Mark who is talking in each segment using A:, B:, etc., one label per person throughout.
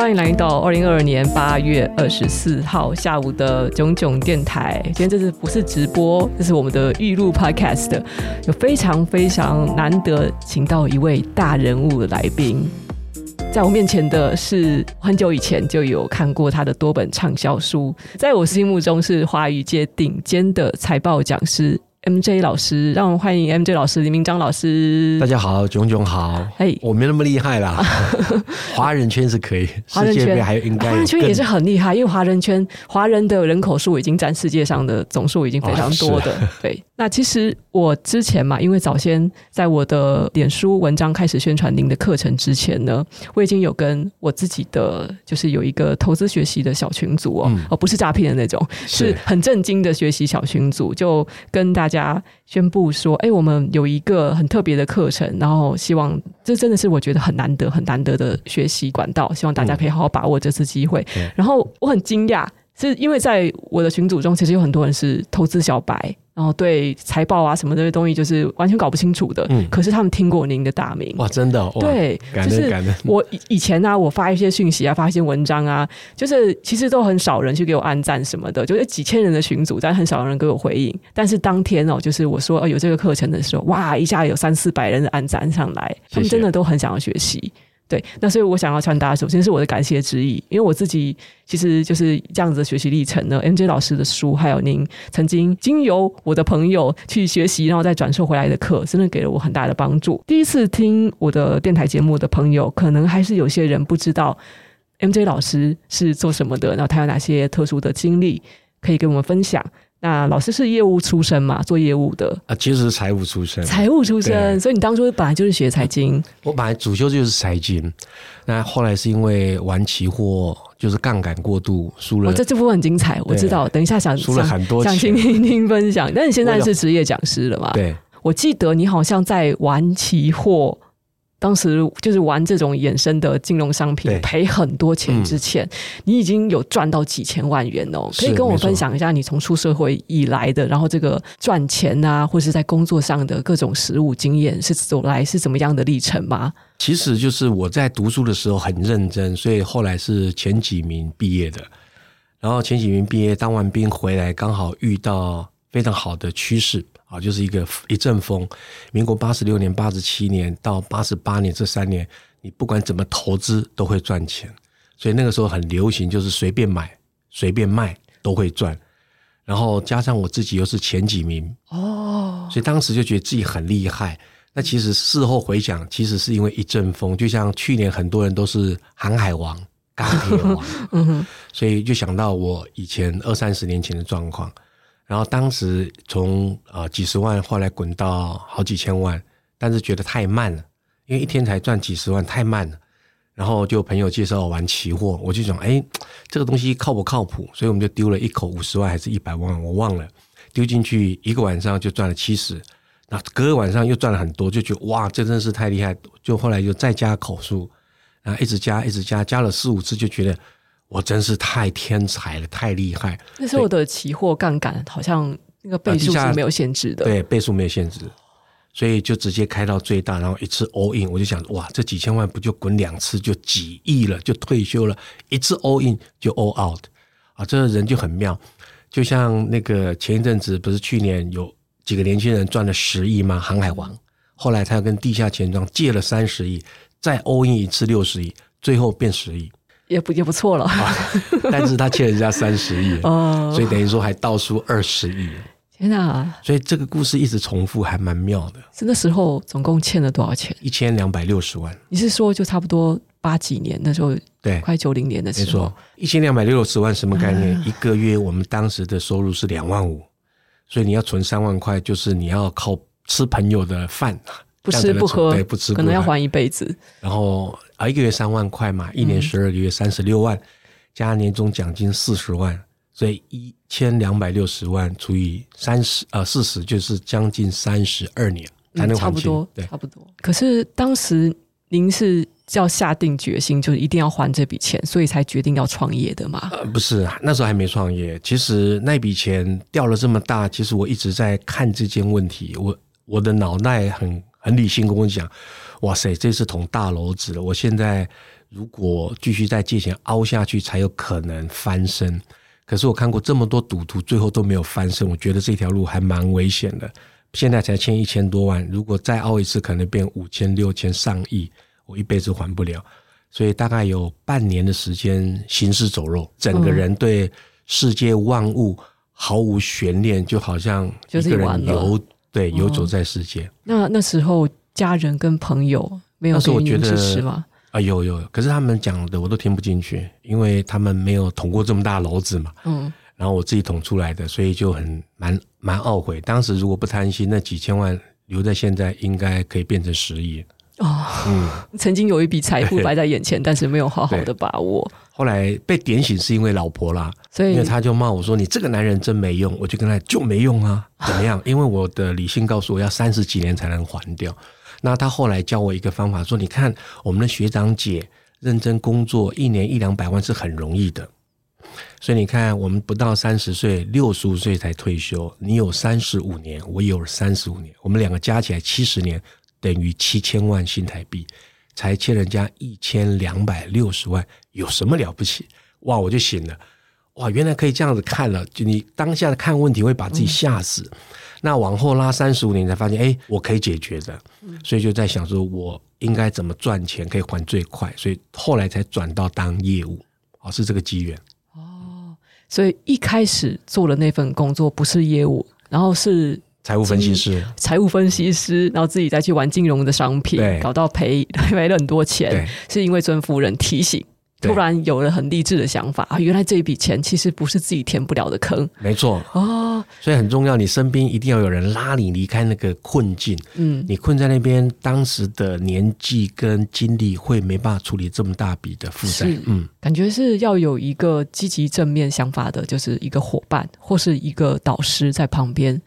A: 歡迎來到二零二二年八月二十四號下午的炯炯電臺。今天這次不是直播，這是我們的預錄 Podcast。有非常非常難得請到一位大人物來賓。在我面前的是，很久以前就有看過他的多本暢銷書，在我心目中是華語界頂尖的財報講師。M J 老師，讓我們歡迎 M J 老師，林明樟老師。大
B: 家好，冏冏好。哎、hey，我沒那麼厲害啦，華 人圈是可以，華人圈世界還應該，華、啊、人圈也是
A: 很厲害，因為華人圈華人的人口數已經占世界上的總數已經非常多的、啊、的。對，那其實我之前嘛，因為早先在我的臉書文章開始宣傳您的課程之前呢，我已經有跟我自己的就是有一個投資學習的小群組哦、喔，哦、嗯喔，不是詐騙的那種，是很正經的學習小群組，就跟大。家宣布說：“欸，我們有一個很特別的課程，然後希望這真的是我覺得很難得、很難得的學習管道，希望大家可以好好把握這次機會。”嗯，然後我很驚訝，是因為在我的群組中，其實有很多人是投資小白。哦，對，財報啊什麼這些東西，就是完全搞不清楚的。嗯，可是他們聽過您的大名。哇，真
B: 的、哦，對，感，就是
A: 我以前呢、啊，我發一些訊息啊，發一些文章啊，就是其實都很少人去給我按讚什麼的，就是幾千人的群組，但很少人給我回應。但是當天哦，就是我說、哦、有這個課程的時候，哇，一下有三四百人的按讚上來，他們真的都很想要學習。謝謝。對，那所以我想要傳達，首先是我的感謝之意，因為我自己其實就是這樣子的學習歷程呢。MJ 老師的書，還有您曾經經由我的朋友去學習，然後再轉授回來的課，真的給了我很大的幫助。第一次聽我的電台節目的朋友，可能還是有些人不知道 MJ 老師是做什麼的，然後他有哪些特殊的經歷，可以跟我們分享。那老師是業務出身嘛，
B: 做業務的啊，其、就、實是財務出身，財務出身，
A: 所以你當初本來就是學財經。
B: 我本來主修就是財經，那後來是因為玩期貨，就是槓桿過度輸了。我、哦、這這部分
A: 很精彩，我知道。等一下想，輸了很多錢，想想聽聽聽分享。但你現在是職業講師了嘛？對，我記得你好像在玩期貨。當時就是玩這種衍生的金融商品，賠很多錢之前，嗯，你已經有賺到幾千萬元哦。可以跟我分享一下你從出社會以來的，然後這個賺錢啊，或是在工作上的各種實務經驗是走來是怎麼樣的歷程嗎？
B: 其實就是我在讀書的時候很認真，所以後來是前幾名畢業的。然後前幾名畢業，當完兵回來，剛好遇到非常好的趨勢。啊，就是一個一陣風，民國八十六年、八十七年到八十八年這三年，你不管怎麼投資都會賺錢，所以那個時候很流行，就是隨便買、隨便賣都會賺。然後加上我自己又是前幾名，哦，所以當時就覺得自己很厲害。那其實事後回想，其實是因為一陣風，就像去年很多人都是航海王、鋼鐵王， 所以就想到我以前二三十年前的狀況。然後當時從啊幾十萬後來滾到好幾千萬，但是覺得太慢了，因為一天才賺幾十萬太慢了。然後就朋友介紹我玩期貨，我就想哎，這個東西靠不靠譜？所以我們就丟了一口五十萬還是一百萬，我忘了丟進去一個晚上就賺了七十，那隔個晚上又賺了很多，就覺得哇，這真是太厲害！就後來就再加口數，然後一直加一直加，加了四五次就覺得。我真是太天才了，太厲害！
A: 那時候的期貨槓桿好像那個倍數是沒有
B: 限制的。啊，對，倍數沒有限制，所以就直接開到最大，然後一次 all in，我就想哇，這幾千萬不就滾兩次就幾億了，就退休了。一次 all in 就 all out 啊，這個人就很妙。就像那個前一陣子，不是去年有幾個年輕人賺了十億嗎？航海王，後來他又跟地下錢莊借了三十億，再 all in 一次六十億，最後變十億。
A: 也不也不錯了、 啊，但
B: 是他欠人家三十億、 哦，所以等於說還倒數二十億。
A: 天啊，
B: 所以這個故事一直重複，還蠻妙的。是那時候總共欠了多少錢？一千兩百六十萬。
A: 你是說就差不多八幾年那時候？對，快九零年的時候。
B: 一千兩百六十萬什麼概念、啊？一個月我們當時的收入是兩萬五，所以你要存三萬塊，就是你要靠吃朋友的飯不，不，不，不吃不喝，不吃可能要還一輩子。然後啊，一個月三萬塊嘛，一年十二個月三十六萬，嗯，加年終獎金四十萬，所以一千兩百六十萬除以三十啊，呃、四十，就是將近三十二年才能還清，嗯差不多。差不多。
A: 可是當時您是要下定決心，就是一定要還這筆錢，所以才決定要創業的嗎？
B: 呃，不是，那時候還沒創業。其實那筆錢掉了這麼大，其實我一直在看這件問題，我我的腦袋很。很理性跟我講，哇塞，這次捅大婁子了！我現在如果繼續再借錢凹下去，才有可能翻身。可是我看過這麼多賭徒，最後都沒有翻身。我覺得這條路還蠻危險的。現在才欠一千多萬，如果再凹一次，可能變五千、六千、上億，我一輩子還不了。所以大概有半年的時間，行屍走肉，整個人對世界萬物毫無懸念，就好像一個人游、嗯。有對，遊走在世界、
A: 哦。那那時候家人跟朋友沒有給你支持嗎？
B: 啊，有有，可是他們講的我都聽不進去，因為他們沒有捅過這麼大婁子嘛。嗯，然後我自己捅出來的，所以就很蠻蠻懊悔。當時如果不貪心，那幾千萬留在現在，應該可以變成十億。哦，
A: 嗯，曾經有一筆財富擺在眼前，但是沒有好好的
B: 把握。後來被點醒是因為老婆啦，所以因為他就罵我說：“你這個男人真沒用。”我就跟他說就沒用啊，怎麼樣？因為我的理性告訴我要三十幾年才能還掉。那他後來教我一個方法，說：“你看，我們的學長姐認真工作，一年一兩百萬是很容易的。所以你看，我們不到三十歲，六十五歲才退休，你有三十五年，我也有三十五年，我們兩個加起來七十年等於七千萬新台幣。”才欠人家一千兩百六十萬，有什麼了不起？哇，我就醒了，哇，原來可以這樣子看了。就你當下的看問題會把自己嚇死，嗯、那往後拉三十五年才發現，哎，我可以解決的。嗯、所以就在想說，我應該怎麼賺錢可以還最快？所以後來才轉到當業務，哦，是這個機緣。哦，
A: 所以一開始做的那份工作不是業務，然後是。
B: 財務分析師，
A: 財務分析師，然後自己再去玩金融的商品，搞到賠賠，賠了很多錢，是因為尊夫人提醒，突然有了很勵志的想法啊！原來這一筆錢其實不是自己填不了的坑，
B: 沒錯啊、哦，所以很重要，你身邊一定要有人拉你離開那個困境。嗯，你困在那邊，當時的年紀跟精力會沒辦法處理這麼大筆的負債。嗯，
A: 感覺是要有一個積極正面想法的，就是一個夥伴或是一個導師在旁邊。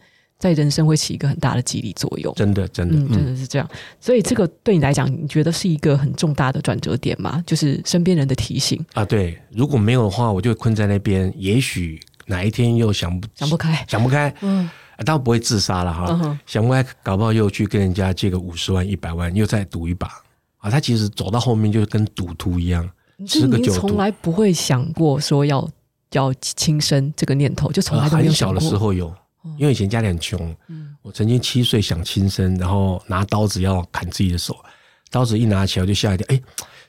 A: 在人
B: 生會起一個很大的激勵作用，真的，真的，嗯、真的是
A: 這樣、嗯。所以這個對你來講，你覺得是一個很重大的轉折點嗎？就是身邊人的提醒
B: 啊。對，如果沒有的話，我就會困在那邊。也許哪一天又想不想不開，想不開，嗯，當然不會自殺了哈、嗯。想不開，搞不好又去跟人家借個五十萬、一百萬，又再賭一把啊。他其實走到後面就跟賭徒一樣，這個從
A: 來不會想過說要要輕生這個念頭，就從來都沒有想過。啊、還小的時候
B: 有。因為以前家裡很窮，我曾經七歲想輕生，然後拿刀子要砍自己的手，刀子一拿起來我就嚇一跳，哎，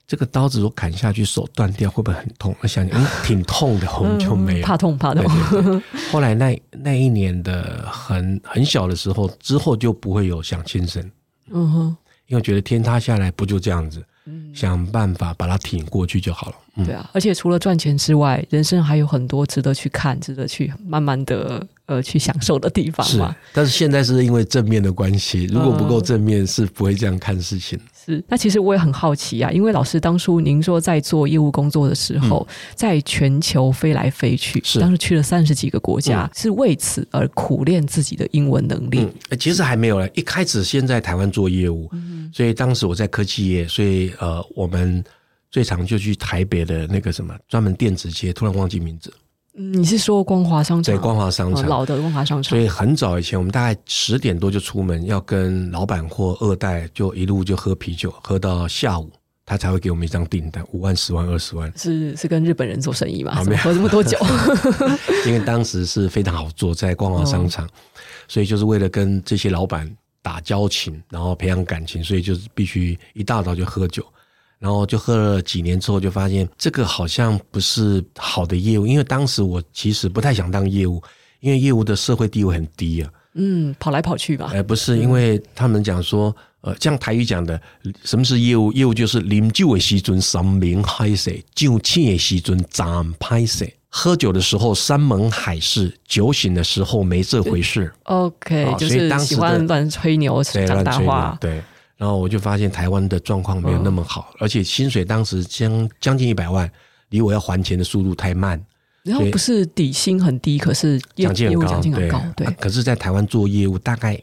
B: 這個刀子我砍下去手斷掉會不會很痛？我想，嗯，挺痛的，我 們就沒了。怕痛怕痛對對對。後來那那一年的很很小的時候，之後就不會有想輕生，嗯哼，因為覺得天塌下來不就這樣子。想辦法把它挺過去就好了。嗯、對啊，
A: 而且除了賺錢之外，人生還有很多值得去看、值得去慢慢的呃去享受的地方嘛。是，
B: 但是現在是因為正面的關係，如果不夠正面、呃，是不會這樣看事情的。
A: 是，那其實我也很好奇啊，因為老師當初您說在做業務工作的時候，嗯、在全球飛來飛去，是當時去了三十幾個國家，嗯，是為此而苦練自己的英文
B: 能力。呃、嗯，其實還沒有了，一開始先在台灣做業務，嗯，所以當時我在科技業，所以呃，我們最常就去台北的那個什麼專門電子街，突然忘記名字。
A: 嗯、你是說光華商場？在光華
B: 商場、哦，老的光華商場。所以很早以前，我們大概十點多就出門，要跟老板或二代就一路就喝啤酒，喝到下午，他才會給我們一張訂單，五萬、十萬、二十萬。
A: 是是跟日本人做生意嘛？啊、喝這麼多酒，
B: 因為當時是非常好做，在光華商場，oh. 所以就是為了跟這些老板打交情，然後培養感情，所以就是必須一大早就喝酒。然後就喝了幾年之後，就發現這個好像不是好的業務。因為當時我其實不太想當業務，因為業務的社會地位很低啊。嗯，跑來跑去吧。哎、呃，不是，因為他們講說，呃，像台語講的，什麼是業務？業務就是啉酒的時候山盟海誓，酒醒的時陣斬拍水。喝酒的時候山盟海誓，酒醒的時候沒這回事。嗯、
A: OK，哦、就是當喜歡亂吹牛、講大話。
B: 對。然後我就發現台灣的狀況沒有那麼好，哦、而且薪水當時將將近一百萬，離我要還錢的速度太慢。
A: 然後不是底薪很低，可是獎金很，很高，對，對、啊。
B: 可是在台灣做業務，大概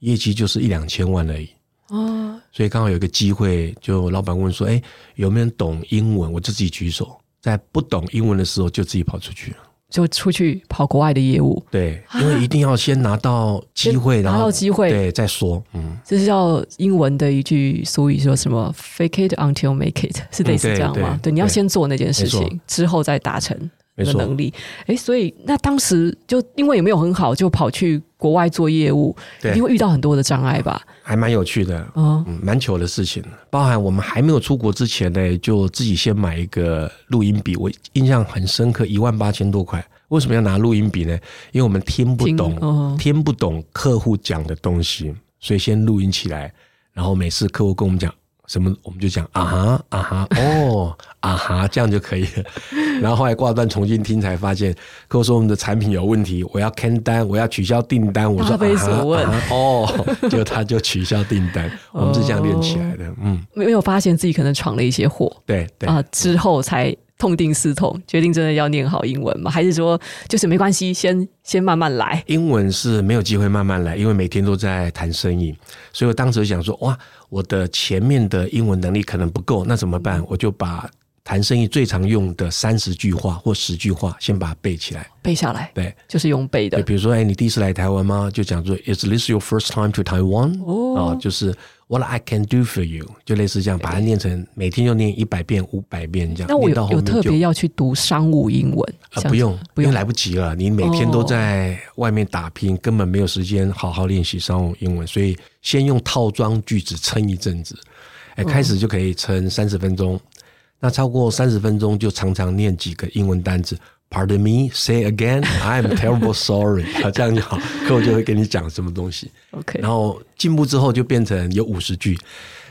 B: 業績就是一兩千萬而已。哦。所以剛好有一個機會，就老闆問說：“哎，有沒有人懂英文？”我就自己舉手。在不懂英文的時候，就自己跑出去。
A: 就出去跑國外的業務，
B: 對，因為一定要先拿到機會，啊，拿到機會，對，再說，嗯，
A: 這是叫英文的一句俗語，說什麼 “fake it until make it”，是類似這樣嗎？嗯，對，對，對，你要先做那件事情，之後再達成。的能力，哎，所以那當時就因為也沒有很好，就跑去國外做業
B: 務，因為遇到
A: 很多的障礙吧？
B: 還蠻有趣的、哦，嗯，蠻糗的事情。包含我們還沒有出國之前呢，就自己先買一個錄音筆，我印象很深刻，一萬八千多塊。為什麼要拿錄音筆呢？嗯、因為我們聽不懂聽、哦，聽不懂客戶講的東西，所以先錄音起來，然後每次客戶跟我們講。什麼？我們就講啊哈啊哈哦啊哈，這樣就可以了。然後後來掛斷，重新聽才發現，跟我說我們的產品有問題，我要看單，我要取消訂單。我說答非所問，啊，哦，就他就取消訂單。 我們是這樣練起來的，嗯，
A: 沒有發現自己可能闖了一些禍，對對啊，呃，之後才痛定思痛，決定真的要念
B: 好英文嘛？還是說就是沒關係，先先慢慢來？英文是沒有機會慢慢來，因為每天都在談生意，所以我當時想說哇。我的前面的英文能力可能不夠，那怎麼辦？嗯、我就把談生意最常用的三十句話或十句話先把它背起來，背下來。對，就是用背的。比如說，哎、欸，你第一次來台灣嗎？就講說，Is this your first time to Taiwan？哦、啊、就是。What I can do for you，就類似這樣，把它念成每天就念一百遍、五百遍這樣。那我到後面就有特別
A: 要去讀商務英文，
B: 呃，不用？不用，因為來不及了。你每天都在外面打拼，哦、根本沒有時間好好練習商務英文，所以先用套裝句子撐一陣子。哎、欸，開始就可以撐三十分鐘，嗯，那超過三十分鐘就常常念幾個英文單字。Pardon me, say again. I am terrible sorry. 好， 這樣就好。客戶就會跟你講什麼東西。OK。然後進步之後就變成有五十句，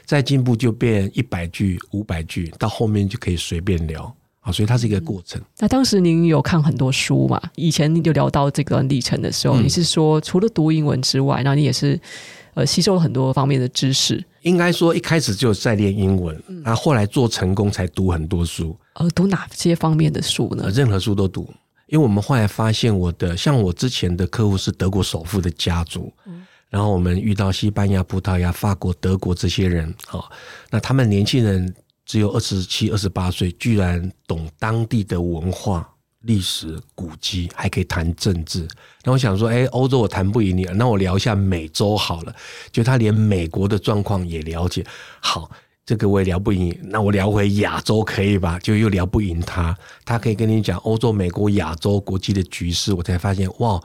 B: 再進步就變一百句、五百句，到後面就可以隨便聊。好，所以它是一個過程。
A: 嗯、那當時您有看很多書嘛？以前您就聊到這段歷程的時候、嗯，你是說除了讀英文之外，那你也是。呃，吸收了很多方面的知識。
B: 應該說一開始就在練英文，那、嗯、然後，後來做成功才讀很多書。呃，讀哪些方面的書呢？任何書都讀，因為我們後來發現，我的像我之前的客戶是德國首富的家族、嗯，然後我們遇到西班牙、葡萄牙、法國、德國這些人，好，那他們年輕人只有二十七、二十八歲，居然懂當地的文化。歷史古蹟還可以談政治，那我想說，哎、欸，歐洲我談不贏你了，那我聊一下美洲好了。就他連美國的狀況也了解。好，這個我也聊不贏，那我聊回亞洲可以吧？就又聊不贏他，他可以跟你講歐洲、美國、亞洲國際的局勢。我才發現，哇，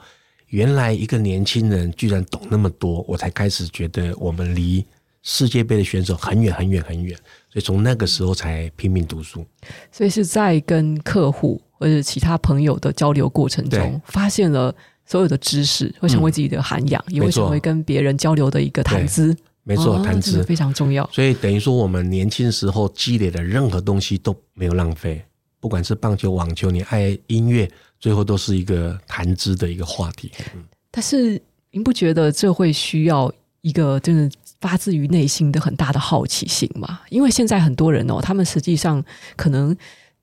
B: 原來一個年輕人居然懂那麼多。我才開始覺得我們離世界杯的選手很遠很遠很遠，所以從那個時候才拼命讀書。
A: 所以是在跟客戶。或者其他朋友的交流過程中，發現了所有的知識，會成為自己的涵養，嗯、也會成為跟別人交流的一個談資。沒錯，哦、談資非常
B: 重要。所以等於說，我們年輕時候積累的任何東西都沒有浪費，不管是棒球、網球，你愛音樂，最後都是一個談資的一個話題。嗯、
A: 但是您不覺得這會需要一個就是發自於內心的很大的好奇心嗎？因為現在很多人哦，他們實際上可能。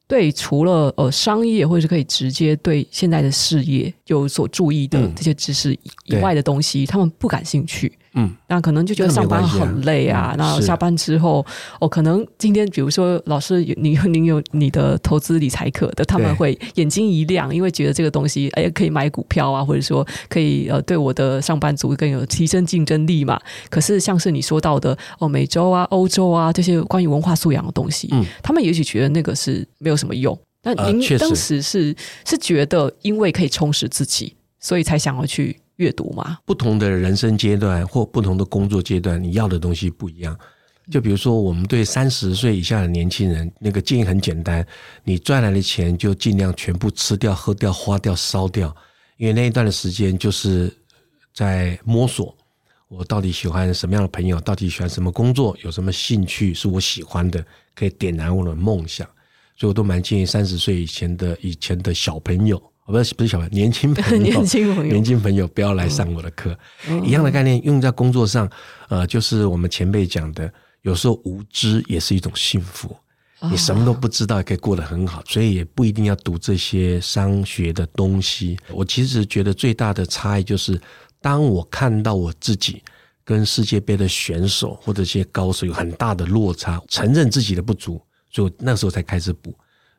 A: 對，除了呃商業或者是可以直接對現在的事業有所注意的這些知識以外的東西，嗯，他們不感興趣。嗯，那可能就覺得上班很累啊。那、嗯、下班之後，哦，可能今天比如說老師，你你有你的投資理財課的，他們會眼睛一亮，因為覺得這個東西哎、欸、可以買股票啊，或者說可以呃對我的上班族更有提升競爭力嘛。可是像是你說到的哦，美洲啊、歐洲啊這些關於文化素養的東西，嗯、他們也許覺得那個是沒有什麼用。那、呃、您當時是是覺得因為可以充實自己，所以才想要去閱讀
B: 嗎？不同的人生階段或不同的工作階段，你要的東西不一樣。就比如說，我們對三十歲以下的年輕人，那個建議很簡單：你賺來的錢就盡量全部吃掉、喝掉、花掉、燒掉，因為那一段的時間就是在摸索，我到底喜歡什麼樣的朋友，到底喜歡什麼工作，有什麼興趣是我喜歡的，可以點燃我的夢想。所以我都蠻建議三十歲以前的、以前的小朋友。不是不是小朋友，年輕朋友， 年輕朋友 年輕朋友不要來上我的課。Oh. Oh. 一樣的概念用在工作上，呃，就是我們前輩講的，有時候，無知也是一種幸福，oh. 你什麼都不知道也可以過得很好，所以也不一定要讀這些商學的東西。我其實覺得最大的差異就是，當我看到我自己跟世界杯的選手或者一些高手有很大的落差，承認自己的不足，所以我那時候才開始補。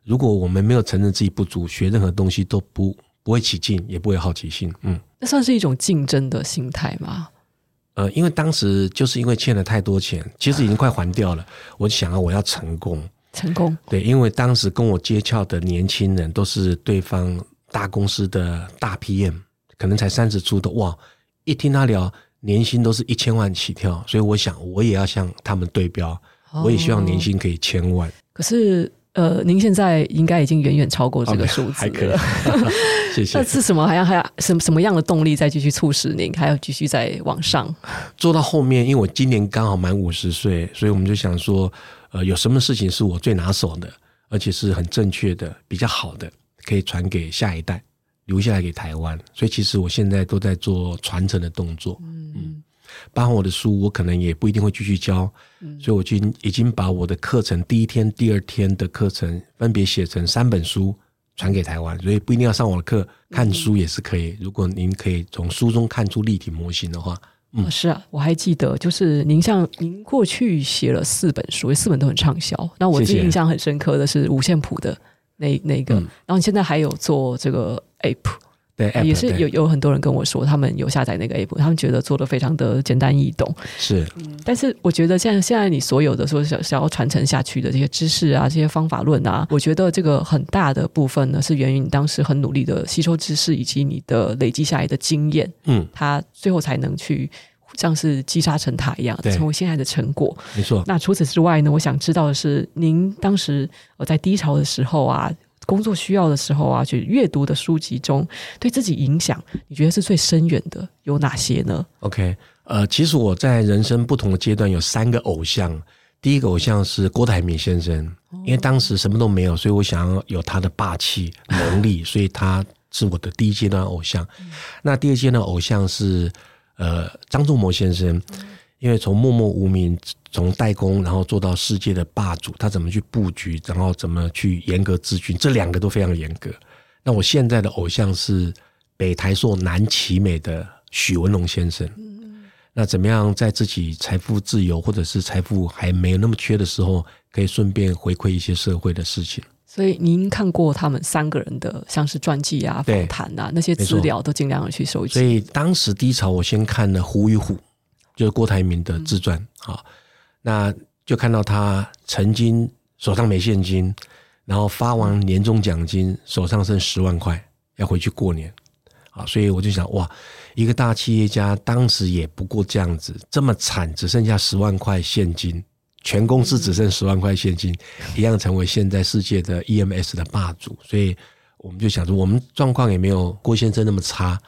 B: 如果我們沒有承認自己不足，學任何東西都不不會起勁，也不會有好奇心。嗯，
A: 那算是一種競爭的心態嗎？
B: 呃，因為當時就是因為欠了太多錢，其實已經快還掉了。呃、我想啊，我要成功，成功。對，因為當時跟我接洽的年輕人都是對方大公司的大 PM，可能才三十出頭。哇，一聽他聊年薪都是一千萬起跳，所以我想我也要向他們對標，哦、我也希望年薪可以千萬。
A: 可是。呃，您現在應該已經遠遠超過這個
B: 數字了。還可以，謝謝。那 是
A: 什麼？還要還要什什麼樣的動力再繼續促使您還要繼續再
B: 往上？嗯，做到後面，因為我今年剛好滿五十歲，所以我們就想說，呃，有什麼事情是我最拿手的，而且是很正確的、比較好的，可以傳給下一代，留下來給台灣。所以其實我現在都在做傳承的動作。嗯。包含我的書，我可能也不一定會繼續教、嗯，所以我已經已經把我的課程第一天、第二天的課程分別寫成三本書傳給台灣，所以不一定要上我的課，看書也是可以。如果您可以從書中看出立體模型的話，嗯，哦、
A: 是啊，我還記得就是您像您過去寫了四本書，因為四本都很暢銷、嗯。那我最印象很深刻的是五線譜的那那個，嗯、然後你現在還有做這個 APP。APP，也是有有很多人跟我說，他們有下載那個 APP，他們覺得做得非常的簡單易懂。是，嗯、但是我覺得現在，像現在你所有的說，想要傳承下去的這些知識啊，這些方法論啊，我覺得這個很大的部分呢，是源於你當時很努力的吸收知識，以及你的累積下來的經驗。嗯，它最後才能去像是積沙成塔一樣，成為現在的成果。沒錯。那除此之外呢？我想知道的是，您當時我在低潮的時候啊。工作需要的時候啊，去閱讀的書籍中，對自己影響，你覺得是最深遠的有哪些呢
B: ？OK，呃，其實我在人生不同的階段有三個偶像，第一個偶像是郭台銘先生，嗯、因為當時什麼都沒有，所以我想要有他的霸氣能力， 所以他是我的第一階段偶像。嗯、那第二階段偶像是呃張忠謀先生、嗯，因為從默默無名。從代工，然後做到世界的霸主，他怎麼去布局，然後怎麼去嚴格治軍，這兩個都非常嚴格。那我現在的偶像是北台塑南奇美的許文龍先生。嗯。那怎麼樣在自己財富自由，或者是財富還沒有那麼缺的時候，可以順便回饋一些社會的事情？
A: 所以您看過他們三個人的，像是傳記啊、訪談啊那些資料，都盡量的去收集。所以
B: 當時低潮，我先看了《虎與狐》，就是郭台銘的自傳啊。嗯那就看到他曾經手上沒現金，然後發完年終獎金，手上剩十萬塊，要回去過年啊！所以我就想，哇，一個大企業家當時也不過這樣子，這麼慘，只剩下十萬塊現金，全公司只剩十萬塊現金，一樣成為現在世界的 EMS 的霸主。所以我們就想着，我們狀況也沒有郭先生那麼差，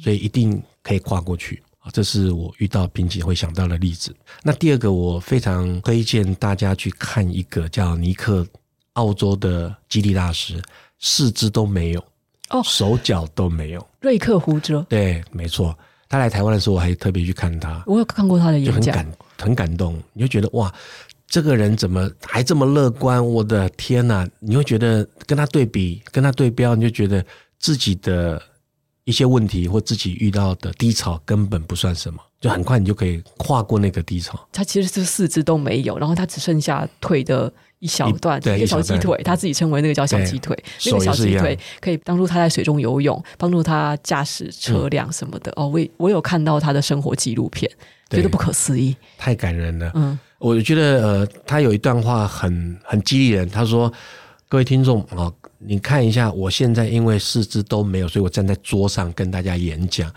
B: 所以一定可以跨過去。啊，這是我遇到瓶頸會想到的例子。那第二個，我非常推薦大家去看一個叫尼克澳洲的激勵大師，四肢都沒有哦，手腳都沒有。
A: 瑞克胡哲，
B: 對，沒錯。他來台灣的時候，我還特別去看他。
A: 我有看過他的演講，很感，
B: 很感動。你就覺得哇，這個人怎麼還這麼樂觀？嗯、我的天吶！你會覺得跟他對比、跟他對標，你就覺得自己的。一些問題或自己遇到的低潮根本不算什麼，就很快你就可以跨過那個低潮。
A: 他其實這四肢都沒有，然後他只剩下腿的一小段，一個小雞腿、嗯，他自己稱為那個叫小雞腿，對，那個小雞腿可以幫助他在水中游泳，幫助他駕駛車輛什麼的。哦、嗯，oh, 我我有看到他的生活
B: 紀錄片，覺得不可思議，太感人了。嗯，我覺得呃，他有一段話很很激勵人，他說：“各位聽眾啊。哦”你看一下，我現在因為四肢都沒有，所以我站在桌上跟大家演講。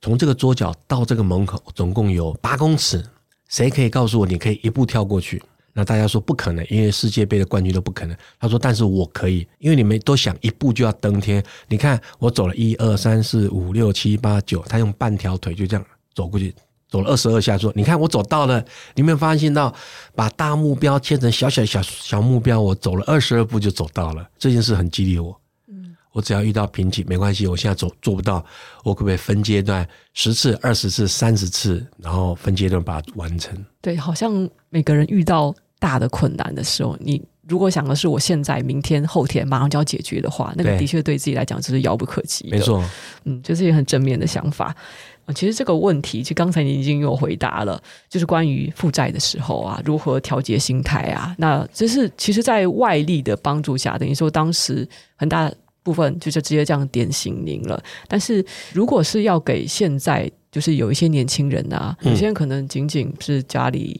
B: 從這個桌角到這個門口，總共有八公尺。誰可以告訴我，你可以一步跳過去？那大家說不可能，因為世界杯的冠軍都不可能。他說：“但是我可以，因為你們都想一步就要登天。你看，我走了一二三四五六七八九，他用半條腿就這樣走過去。”走了二十二下，說：“你看，我走到了，你有沒有發現到，把大目標切成小小小小目標，我走了二十二步就走到了。這件事很激勵我。嗯，我只要遇到瓶頸，沒關係，我現在走做不到，我可不可以分階段，十次、二十次、三十次，然後分階段把它完成？
A: 對，好像每個人遇到大的困難的時候，你如果想的是我現在、明天、後天馬上就要解決的話，那個的確對自己來講就是遙不可及。沒錯，嗯，就是一個很正面的想法。”其實這個問題，其實剛才您已經有回答了，就是關於負債的時候啊，如何調節心態啊。那這是其實，在外力的幫助下的，等於說當時很大部分就是直接這樣點醒您了。但是如果是要給現在就是有一些年輕人啊，有些人可能僅僅是家裡。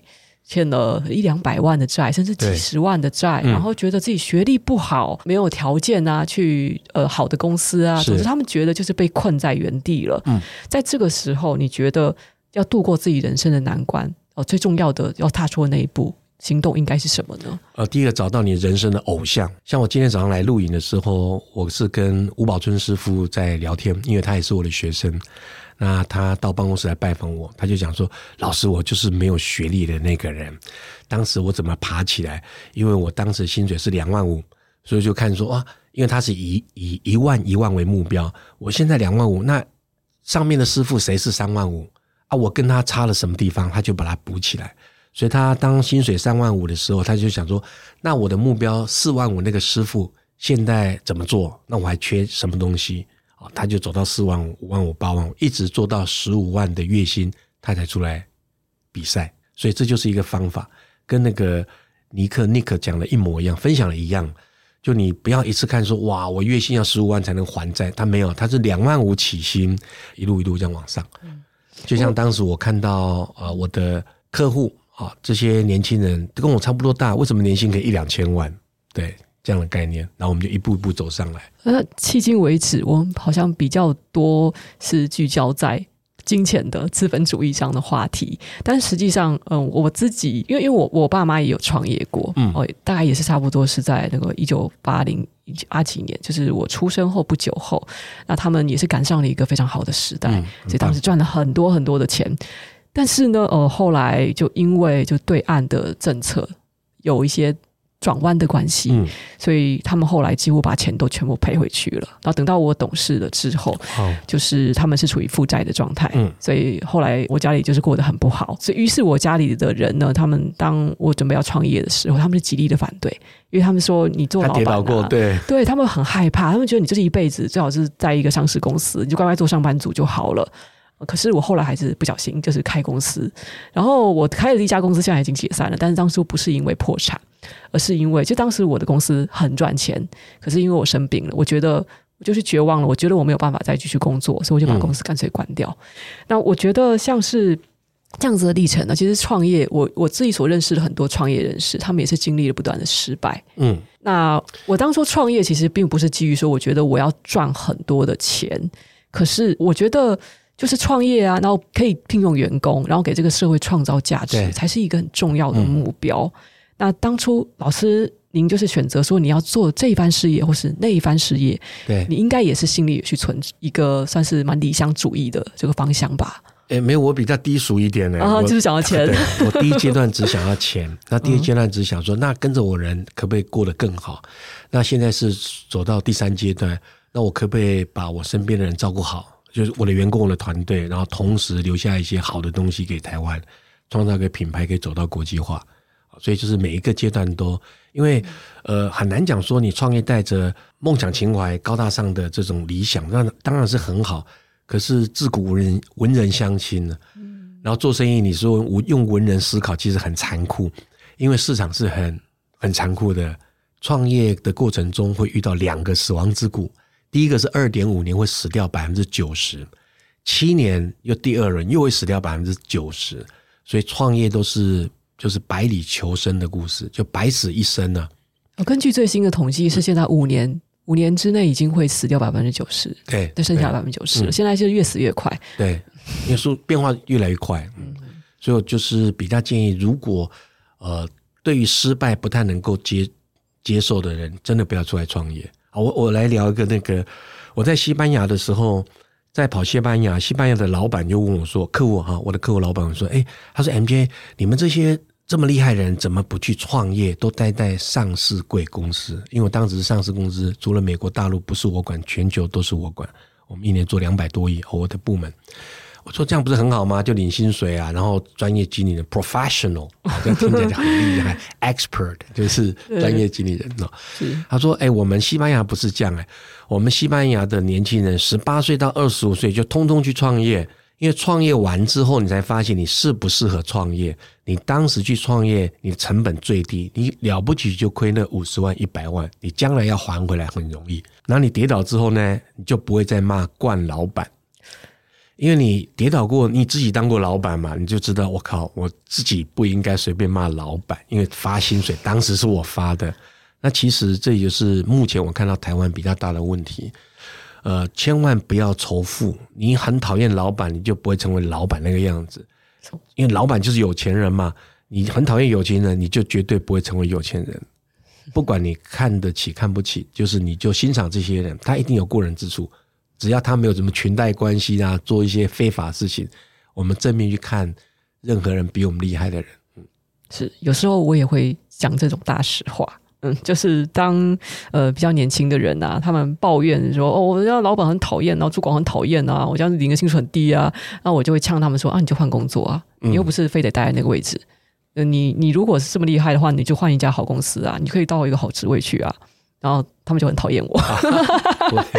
A: 欠了一兩百萬的債，甚至幾十萬的債，嗯，然後覺得自己學歷不好，沒有條件啊，去呃好的公司啊，總之他們覺得就是被困在原地了。嗯，在這個時候，你覺得要度過自己人生的難關，哦，最重要的要踏出那一步。行動應該是什麼呢？
B: 呃，第一個找到你人生的偶像，像我今天早上來錄影的時候，我是跟吳寶春師傅在聊天，因為他也是我的學生。那他到辦公室來拜訪我，他就講說：“老師，我就是沒有學歷的那個人。當時我怎麼爬起來？因為我當時薪水是兩萬五，所以就看說啊，因為他是以一萬一萬為目標，我現在兩萬五，那上面的師傅誰是三萬五啊？我跟他差了什麼地方？他就把它補起來。”所以他當薪水三萬五的時候，他就想說：“那我的目標四萬五，那個師傅現在怎麼做？那我還缺什麼東西？”哦，他就走到四萬五、五萬五、八萬五，一直做到十五萬的月薪，他才出來比賽。所以這就是一個方法，跟那個尼克尼克講的一模一樣，分享了一樣。就你不要一次看說：“哇，我月薪要十五萬才能還債。”他沒有，他是兩萬五起薪，一路一路這樣往上。就像當時我看到，呃，我的客戶。好，這些年輕人跟我差不多大，為什麼年薪可以一兩千萬？對這樣的概念，然後我們就一步一步走上來。
A: 呃，迄今為止，我們好像比較多是聚焦在金錢的資本主義上的話題，但實際上，嗯，我自己因為因為我我爸媽也有創業過，嗯，哦，大概也是差不多是在那個一九八零二幾年，就是我出生後不久後，那他們也是趕上了一個非常好的時代，嗯，所以當時賺了很多很多的錢。但是呢，呃，後來就因為就對岸的政策有一些轉彎的關係，嗯，所以他們後來幾乎把錢都全部賠回去了。然後等到我懂事了之後，哦，就是他們是處於負債的狀態，嗯，所以後來我家裡就是過得很不好。所以於是我家裡的人呢，他們當我準備要創業的時候，他們是極力的反對，因為他們說你做老闆，啊，他跌倒過對對他們很害怕，他們覺得你就是一輩子最好是在一個上市公司，你就乖乖做上班族就好了。可是我後來還是不小心，就是開公司，然後我開了一家公司，現在已經解散了。但是當初不是因為破產，而是因為就當時我的公司很賺錢，可是因為我生病了，我覺得我就是絕望了，我覺得我沒有辦法再繼續工作，所以我就把公司乾脆關掉。嗯，那我覺得像是這樣子的歷程呢，其實創業，我我自己所認識的很多創業人士，他們也是經歷了不斷的失敗。嗯，那我當初創業其實並不是基於說，我覺得我要賺很多的錢，可是我覺得。就是創業啊，然後可以聘用員工，然後給這個社會創造價值，才是一個很重要的目標。嗯。那當初老師您就是選擇說你要做這一番事業或是那一番事業，對你應該也是心裡去存一個算是蠻理想主義的這個方向吧？
B: 誒，沒有，我比較低俗一點呢。啊，就是想要錢。啊。我第一階段只想要錢， 那第二階段只想說，那跟着我人可不可以過得更好？那現在是走到第三階段，那我可不可以把我身邊的人照顧好？就是我的員工、我的團隊，然後同時留下一些好的東西給台灣，創造一個品牌可以走到國際化。所以就是每一個階段都，因為呃很難講說你創業帶着夢想情懷、高大上的這種理想，那當然是很好。可是自古文人文人相輕，嗯，然後做生意，你說我用文人思考，其實很殘酷，因為市場是很很殘酷的。創業的過程中會遇到兩個死亡之谷。第一個是二點五年會死掉百分之九十，七年又第二輪又會死掉百分之九十，所以創業都是就是百裡求生的故事，就百死一生呢、
A: 啊。根據最新的統計是現在五年五、嗯、年之內已經會死掉百分之
B: 九十，對，只剩下百分之九十，現在就越死越快，對，因為說變化越來越快，嗯， 所以我就是比較建議，如果呃對於失敗不太能夠接接受的人，真的不要出來創業。我我來聊一個那個，我在西班牙的時候，在跑西班牙，西班牙的老闆就問我說：“客戶哈，我的客戶老闆說，哎，他說 MJ，你們這些這麼厲害的人，怎麼不去創業，都待在上市貴公司？因為我當時上市公司除了美國大陸不是我管，全球都是我管，我們一年做兩百多億，我的部門。”我說這樣不是很好嗎？就領薪水啊，然後專業經理人 （professional） 這、啊、聽起來就很厲害。 Expert 就是專業經理人了。 他說：“哎、欸，我們西班牙不是這樣哎、欸，我們西班牙的年輕人十八歲到二十五歲就通通去創業，因為創業完之後你才發現你適不適合創業。你當時去創業，你的成本最低，你了不起就虧那五十萬一百萬，你將來要還回來很容易。然後你跌倒之後呢，你就不會再罵慣老闆。”因為你跌倒過，你自己當過老闆嘛，你就知道。我靠，我自己不應該隨便罵老闆，因為發薪水當時是我發的。那其實這也是目前我看到台灣比較大的問題。呃，千萬不要仇富。你很討厭老板，你就不會成為老板那個樣子。因為老板就是有錢人嘛，你很討厭有錢人，你就絕對不會成為有錢人。不管你看得起看不起，就是你就欣賞這些人，他一定有過人之處。只要他沒有什麼裙帶關係啊，做一些非法事情，我們正面去看任何人比我們厲害的人，嗯，是。
A: 有時候我也會講這種大實話，嗯，就是當呃比較年輕的人啊，他們抱怨說哦，我家老板很討厭，然後主管很討厭啊，我這樣領的薪水很低啊，那我就會嗆他們說啊，你就換工作啊，你又不是非得待在那個位置，嗯，你你如果是這麼厲害的話，你就換一家好公司啊，你可以到一個好職位去啊。然後他們就很討厭我 不是笑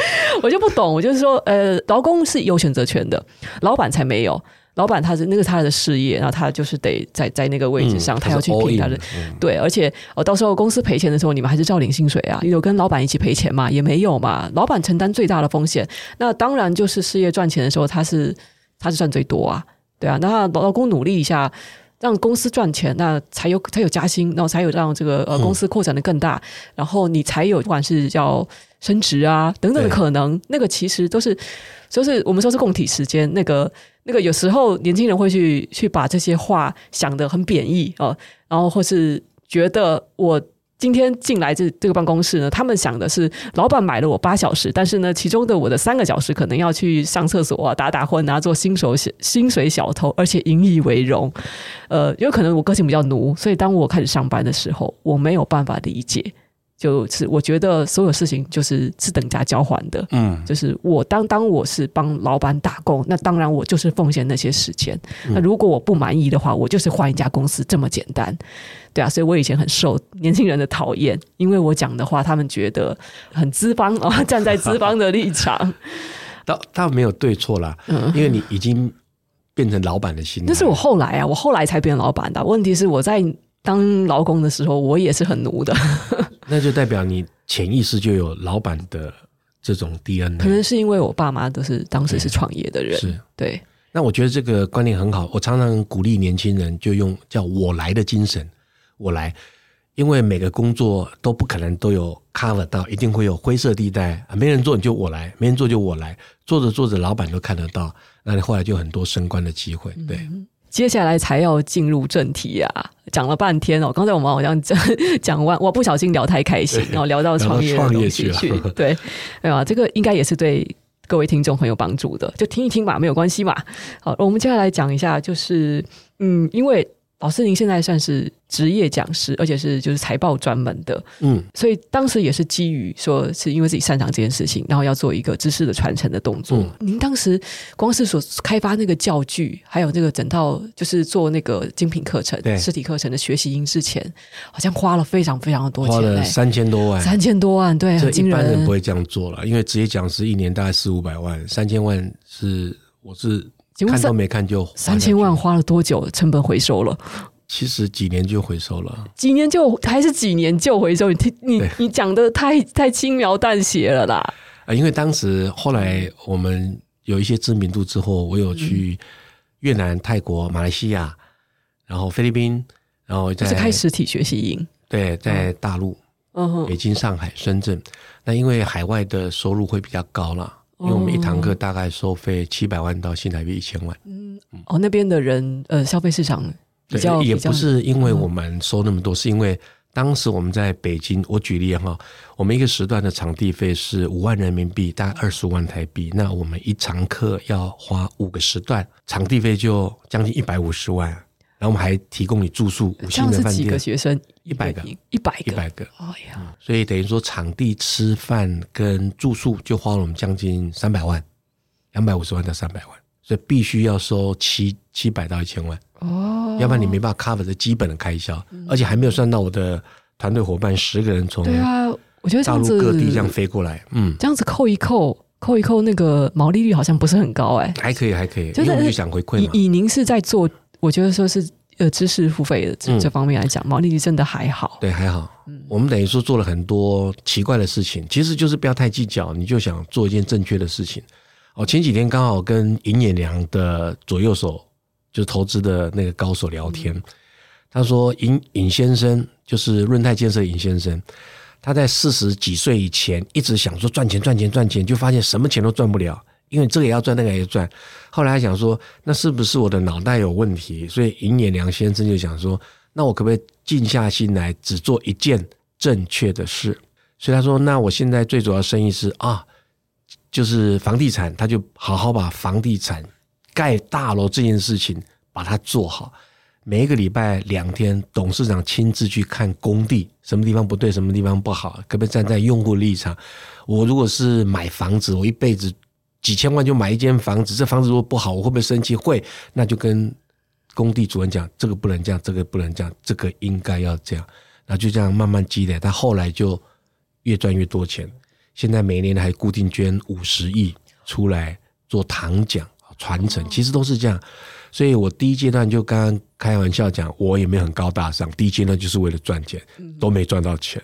A: 我就不懂。我就是說，呃，勞工是有選擇權的，老闆才沒有。老闆他是那個他的事業，然後他就是得在在那個位置上，他要去拼他的、嗯，這是 all in，嗯。對，而且我、哦、到時候公司賠錢的時候，你們還是照領薪水啊？你有跟老闆一起賠錢嘛，也沒有嘛。老闆承擔最大的風險，那當然就是事業賺錢的時候，他是他是賺最多啊，對啊。那勞工努力一下，讓公司賺錢，那才有才有加薪，然後才有讓這個呃公司擴展的更大，嗯，然後你才有不管是叫升職啊等等的可能，嗯，那個其實都是就是我們說是共體時艱，那個那個有時候年輕人會去去把這些話想得很貶義哦，呃，然後或是覺得我。今天進來這這個辦公室呢，他們想的是老闆買了我八小時，但是呢，其中的我的三個小時可能要去上廁所啊、打打混啊、做薪水小薪水小偷，而且引以為榮。呃，有可能我個性比較奴，所以當我開始上班的時候，我沒有辦法理解。就是我覺得所有事情就是是等價交換的，嗯，就是我當當我是幫老闆打工，那當然我就是奉獻那些時間。那如果我不滿意的話，我就是換一家公司，這麼簡單，對啊。所以我以前很受年輕人的討厭，因為我講的話他們覺得很資方哦，站在資方的立場。
B: 倒 倒沒有對錯啦，因為你已經變成老闆的心態。那、嗯、是我
A: 後來啊，我後來才變老闆的。問題是我在。當勞工的時候，我也是很奴
B: 的， 那就代表你潛意識就有老板的這種 DNA。可能
A: 是，是因為我爸媽都是當時是創業的人，對是對。
B: 那我覺得這個觀念很好，我常常鼓勵年輕人就用叫我來的精神，我來，因為每個工作都不可能都有 cover 到，一定會有灰色地帶，啊、沒人做你就我來，沒人做就我來做着做着，老板都看得到，那你後來就很多升官的機會，對。嗯
A: 接下來才要進入正題啊！講了半天哦，剛才我們好像講講完，我不小心聊太開心，然後聊到創業，創業去了，啊。對，哎呀，這個應該也是對各位聽眾很有幫助的，就聽一聽吧，沒有關係嘛。好，我們接下來講一下，就是嗯，因為。老師，您現在算是職業講師，而且是就是財報專門的，嗯，所以當時也是基於說是因為自己擅長這件事情，然後要做一個知識的傳承的動作、嗯。您當時光是所開發那個教具，還有這個整套就是做那個精品課程、實體課程的學習音質前好像花了非常非常的多錢，欸，花了三
B: 千多萬，三千
A: 多萬，對，一般人不會
B: 這樣做啦，因為職業講師一年大概四五百萬，三千萬是我是。
A: 看都沒看就三千
B: 萬，花了多久？成本回收了？其實幾年就回收了，
A: 幾年就還是幾年就回收？你你你講得太太輕描淡寫了
B: 啦！因為當時後來我們有一些知名度之後，我有去越南、嗯、泰國、馬來西亞，然後菲律賓，然後在開
A: 實體學習營，
B: 對，在大陸，嗯，北京、上海、深圳、嗯，那因為海外的收入會比較高了。因為我們一堂課大概收費七百萬到新台幣一千萬。嗯，哦，那邊的人
A: 呃消費市場比較，對，比較也不是因為我
B: 們收那麼多，嗯，是因為當時我們在北京，我舉例哈，我們一個時段的場地費是五萬人民幣，大概二十萬台幣，哦。那我們一堂課要花五個時段，場地費就將近一百五十萬。然後我們還提供你住宿，五星級飯店，這樣子幾個學
A: 生，一百個，一百個，一百個。哎、oh、呀、yeah.
B: 嗯，所以等於說場地、吃飯跟住宿就花了我們將近三百萬，兩百五十萬到三百萬，所以必須要收七七百到一千萬。哦、oh.，要不然你沒辦法 cover 這基本的開銷、嗯，而且還沒有算到我的團隊夥伴十個人從
A: 對啊，我覺得這樣子，大陸各地這樣飛過來，嗯，這樣子扣一扣，扣一扣，那個毛利率好像不是很高哎、
B: 欸，還可以，還可以，因為我們就想回饋嘛。以,
A: 以您是在做？我覺得說是呃，知識付費這這方面來講，毛利率真的還好，
B: 嗯。對，還好，嗯。我們等於說做了很多奇怪的事情，其實就是不要太計較，你就想做一件正確的事情。哦，前幾天剛好跟尹衍梁的左右手，就是投資的那個高手聊天，嗯，他說尹尹先生就是潤泰建設尹先生，他在四十幾歲以前一直想說賺錢賺錢賺錢，就發現什麼錢都賺不了，因為這個也要賺，那個也要賺。後來想說，那是不是我的腦袋有問題？所以尹衍樑先生就想說，那我可不可以靜下心來，只做一件正確的事？所以他說，那我現在最主要生意是啊，就是房地產，他就好好把房地產蓋大樓這件事情把它做好。每一個禮拜兩天，董事長親自去看工地，什麼地方不對，什麼地方不好，可不可以站在用戶立場？我如果是買房子，我一輩子。幾千萬就買一間房子，這房子如果不好，我會不會生氣？會，那就跟工地主任講，這個不能這樣，這個不能這樣，這個應該要這樣。然後就這樣慢慢積累，他後來就越賺越多錢。現在每年還固定捐五十億出來做唐獎傳承，其實都是這樣。所以我第一階段就剛剛開玩笑講，我也沒有很高大上，第一階段就是為了賺錢，都沒賺到錢。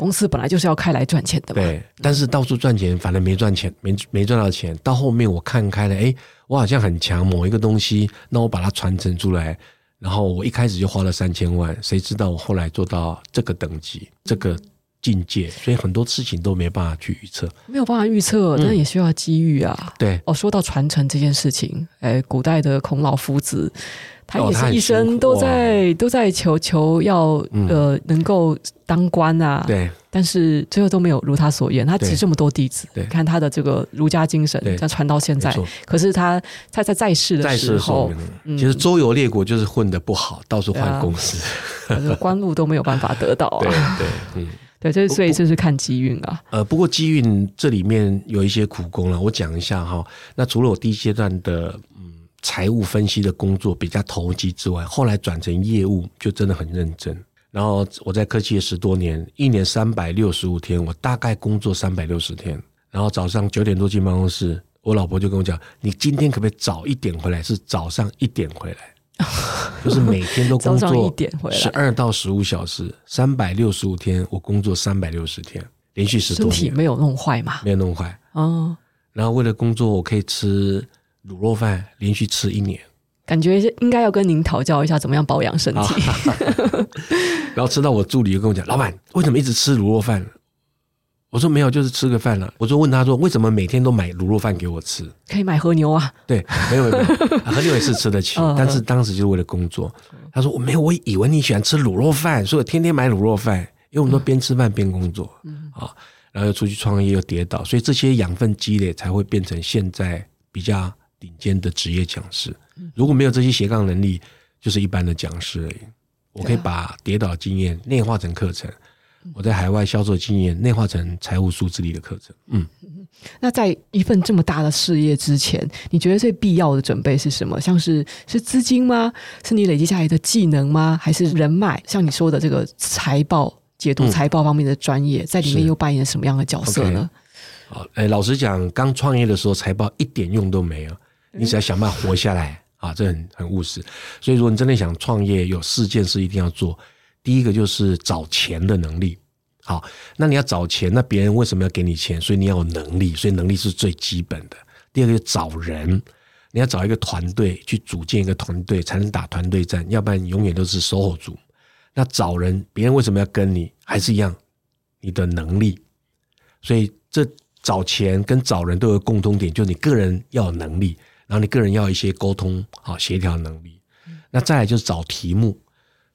B: 公司本來就是要開來賺錢的嘛，對。但是到處賺錢，反正沒賺錢，嗯、沒沒賺到錢。到後面我看開了，哎，我好像很強，某一個東西，那我把它傳承出來。然後我一開始就花了三千萬，誰知道我後來做到這個等級、這個境界？嗯、所以很多事情都沒辦法去預測，
A: 沒有辦法預測，但也需要機遇啊。嗯、對。哦，說到傳承這件事情，誒，古代的孔老夫子。他也是一生都在、哦哦、都在都在求求要、嗯、呃能夠當官啊，對，但是最後都沒有如他所願。他集這麼多弟子，你看他的這個儒家精神，像傳到現在，可是他他在在世的時候，
B: 嗯、其實周遊列國就是混得不好，嗯、到處換公司，啊、
A: 官路都沒有辦法得到啊。對，對嗯，對，這所以這是看機運啊。
B: 呃，不過機運這裡面有一些苦功了、啊，我講一下哈。那除了我第一階段的，嗯。財務分析的工作比較投機之外，後來轉成業務就真的很認真。然後我在科技業十多年，一年三百六十五天，我大概工作三百六十天。然後早上九點多進辦公室，我老婆就跟我講：“你今天可不可以早一點回來？是早上一點回來， 就是每天都工作一點回來，十二到十五小時，三百六十五天我工作三百六十天，連續十多年。”身體沒有弄壞嘛？沒有弄壞哦。然後為了工作，我可以吃。滷肉飯連續吃一年，
A: 感覺應該要跟您討教一下怎麼樣保養身體。哈
B: 哈，然後吃到我助理就跟我講：“ 老闆，為什麼一直吃滷肉飯？”我說：“沒有，就是吃個飯了。”我就問他說：“為什麼每天都買滷肉飯給我吃？”
A: 可以買和牛啊？
B: 對，沒有沒有，沒有，和牛也是吃得起， 但是當時就是為了工作。他說：“我沒有，我以為你喜歡吃滷肉飯，所以我天天買滷肉飯。因為我們都邊吃飯邊工作，嗯啊，然後又出去創業又跌倒，所以這些養分積累才會變成現在比較。”頂尖的職業講師，如果沒有這些斜槓能力、嗯，就是一般的講師而已、啊。我可以把跌倒經驗內化成課程、嗯，我在海外銷售經驗內化成財務數字力的課程。
A: 嗯，那在一份這麼大的事業之前，你覺得最必要的準備是什麼？像是是資金嗎？是你累積下來的技能嗎？還是人脈？像你說的這個財報解讀、財報方面的專業、嗯，在裡面又扮演什麼樣的角色呢
B: ？Okay、好，哎、欸，老實講，剛創業的時候，財報一點用都沒有。你只要想辦法活下來、嗯、啊，這很很務實。所以，如果你真的想創業，有四件事一定要做。第一個就是找錢的能力。好，那你要找錢，那別人為什麼要給你錢？所以你要有能力，所以能力是最基本的。第二個就是找人，你要找一個團隊去組建一個團隊，才能打團隊戰，要不然你永遠都是 SOHO 族。那找人，別人為什麼要跟你？還是一樣，你的能力。所以，這找錢跟找人都有個共通點，就是你個人要有能力。然後你個人要一些溝通啊協調能力，那再來就是找題目，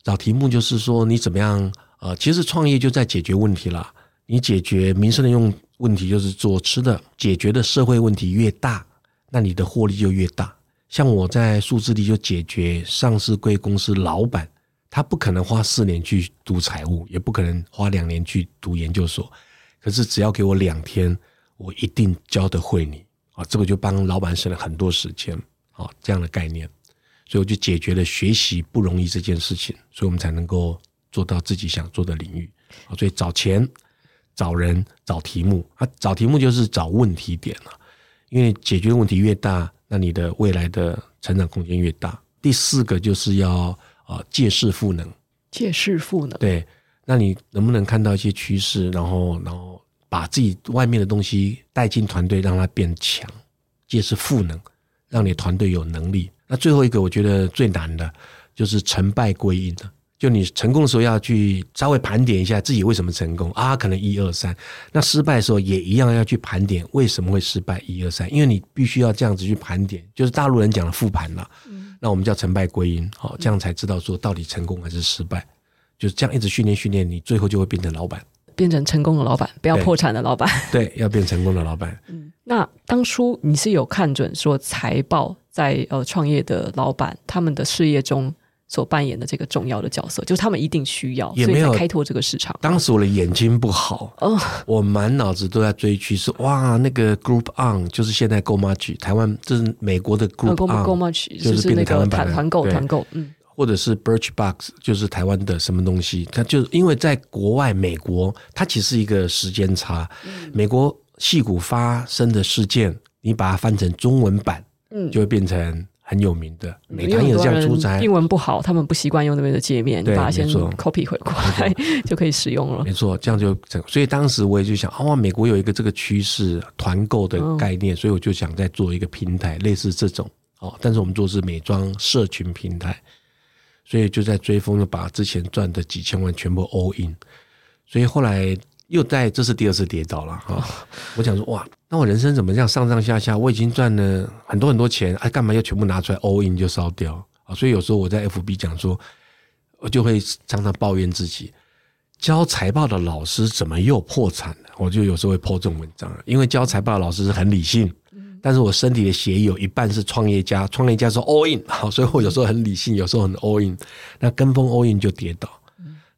B: 找題目就是說你怎麼樣？呃，其實創業就在解決問題啦。你解決民生的用問題，就是做吃的。解決的社會問題越大，那你的獲利就越大。像我在數字力就解決上市櫃公司老闆，他不可能花四年去讀財務，也不可能花兩年去讀研究所。可是只要給我兩天，我一定教得會你。啊，這個就幫老板省了很多時間，啊，這樣的概念，所以我就解決了學習不容易這件事情，所以我們才能夠做到自己想做的領域，啊，所以找錢、找人、找題目，啊，找題目就是找問題點了啊，因為解決問題越大，那你的未來的成長空間越大。第四個就是要啊，借勢賦能，借勢賦能，對，那你能不能看到一些趨勢，然後，然後。把自己外面的東西帶進團隊，讓它變強，這是賦能，讓你團隊有能力。那最後一個，我覺得最難的就是成敗歸因的，就你成功的時候要去稍微盤點一下自己為什麼成功啊，可能一二三；那失敗的時候也一樣要去盤點為什麼會失敗一二三，因為你必須要這樣子去盤點，就是大陸人講的復盤了、啊嗯。那我們叫成敗歸因，好，這樣才知道說到底成功還是失敗，就是這樣一直訓練訓練，你最後就會變成老板。
A: 變成成功的老闆，不要破產的老闆。
B: 對， 對，要變成功的老闆。嗯，
A: 那當初你是有看準說財報在呃創業的老闆他們的事業中所扮演的這個重要的角色，就是他們一定需要，所以在開
B: 拓這個市場、嗯。也沒有，當時我的眼睛不好，哦，我滿腦子都在追劇，說哇，那個 Group On 就是現在 GOMAJI 台灣，就是美國的 Group On，、啊、GOMAJI，就是那個團購團購，嗯。或者是 Birchbox 就是台灣的什麼東西，它就因為在國外，美國它其實是一個時間差，嗯。美國戲骨發生的事件，你把它翻成中文版，嗯，就會變成很有名的。美團有這樣出差英
A: 文不好，他們不習慣用那邊的界面對，你把它先 copy 回過來 就可以使用了。
B: 沒錯，這樣就整。所以當時我也就想，哦，美國有一個這個趨勢，團購的概念，哦，所以我就想再做一個平台，類似這種。哦，但是我們做的是美妝社群平台。所以就在追風，的把之前賺的幾千萬全部 all in，所以後來又在，這是第二次跌倒了哈、哦。 我想說，哇，那我人生怎麼這樣上上下下？我已經賺了很多很多錢，哎，幹嘛要全部拿出來 all in 就燒掉啊？所以有時候我在 FB 講說，我就會常常抱怨自己教財報的老師怎麼又破產了。我就有時候會 po 這種文章了，因為教財報的老師是很理性。但是我身體的血有一半是創業家，創業家說 all in，好，所以我有時候很理性，有時候很 all in。那跟風 all in 就跌倒。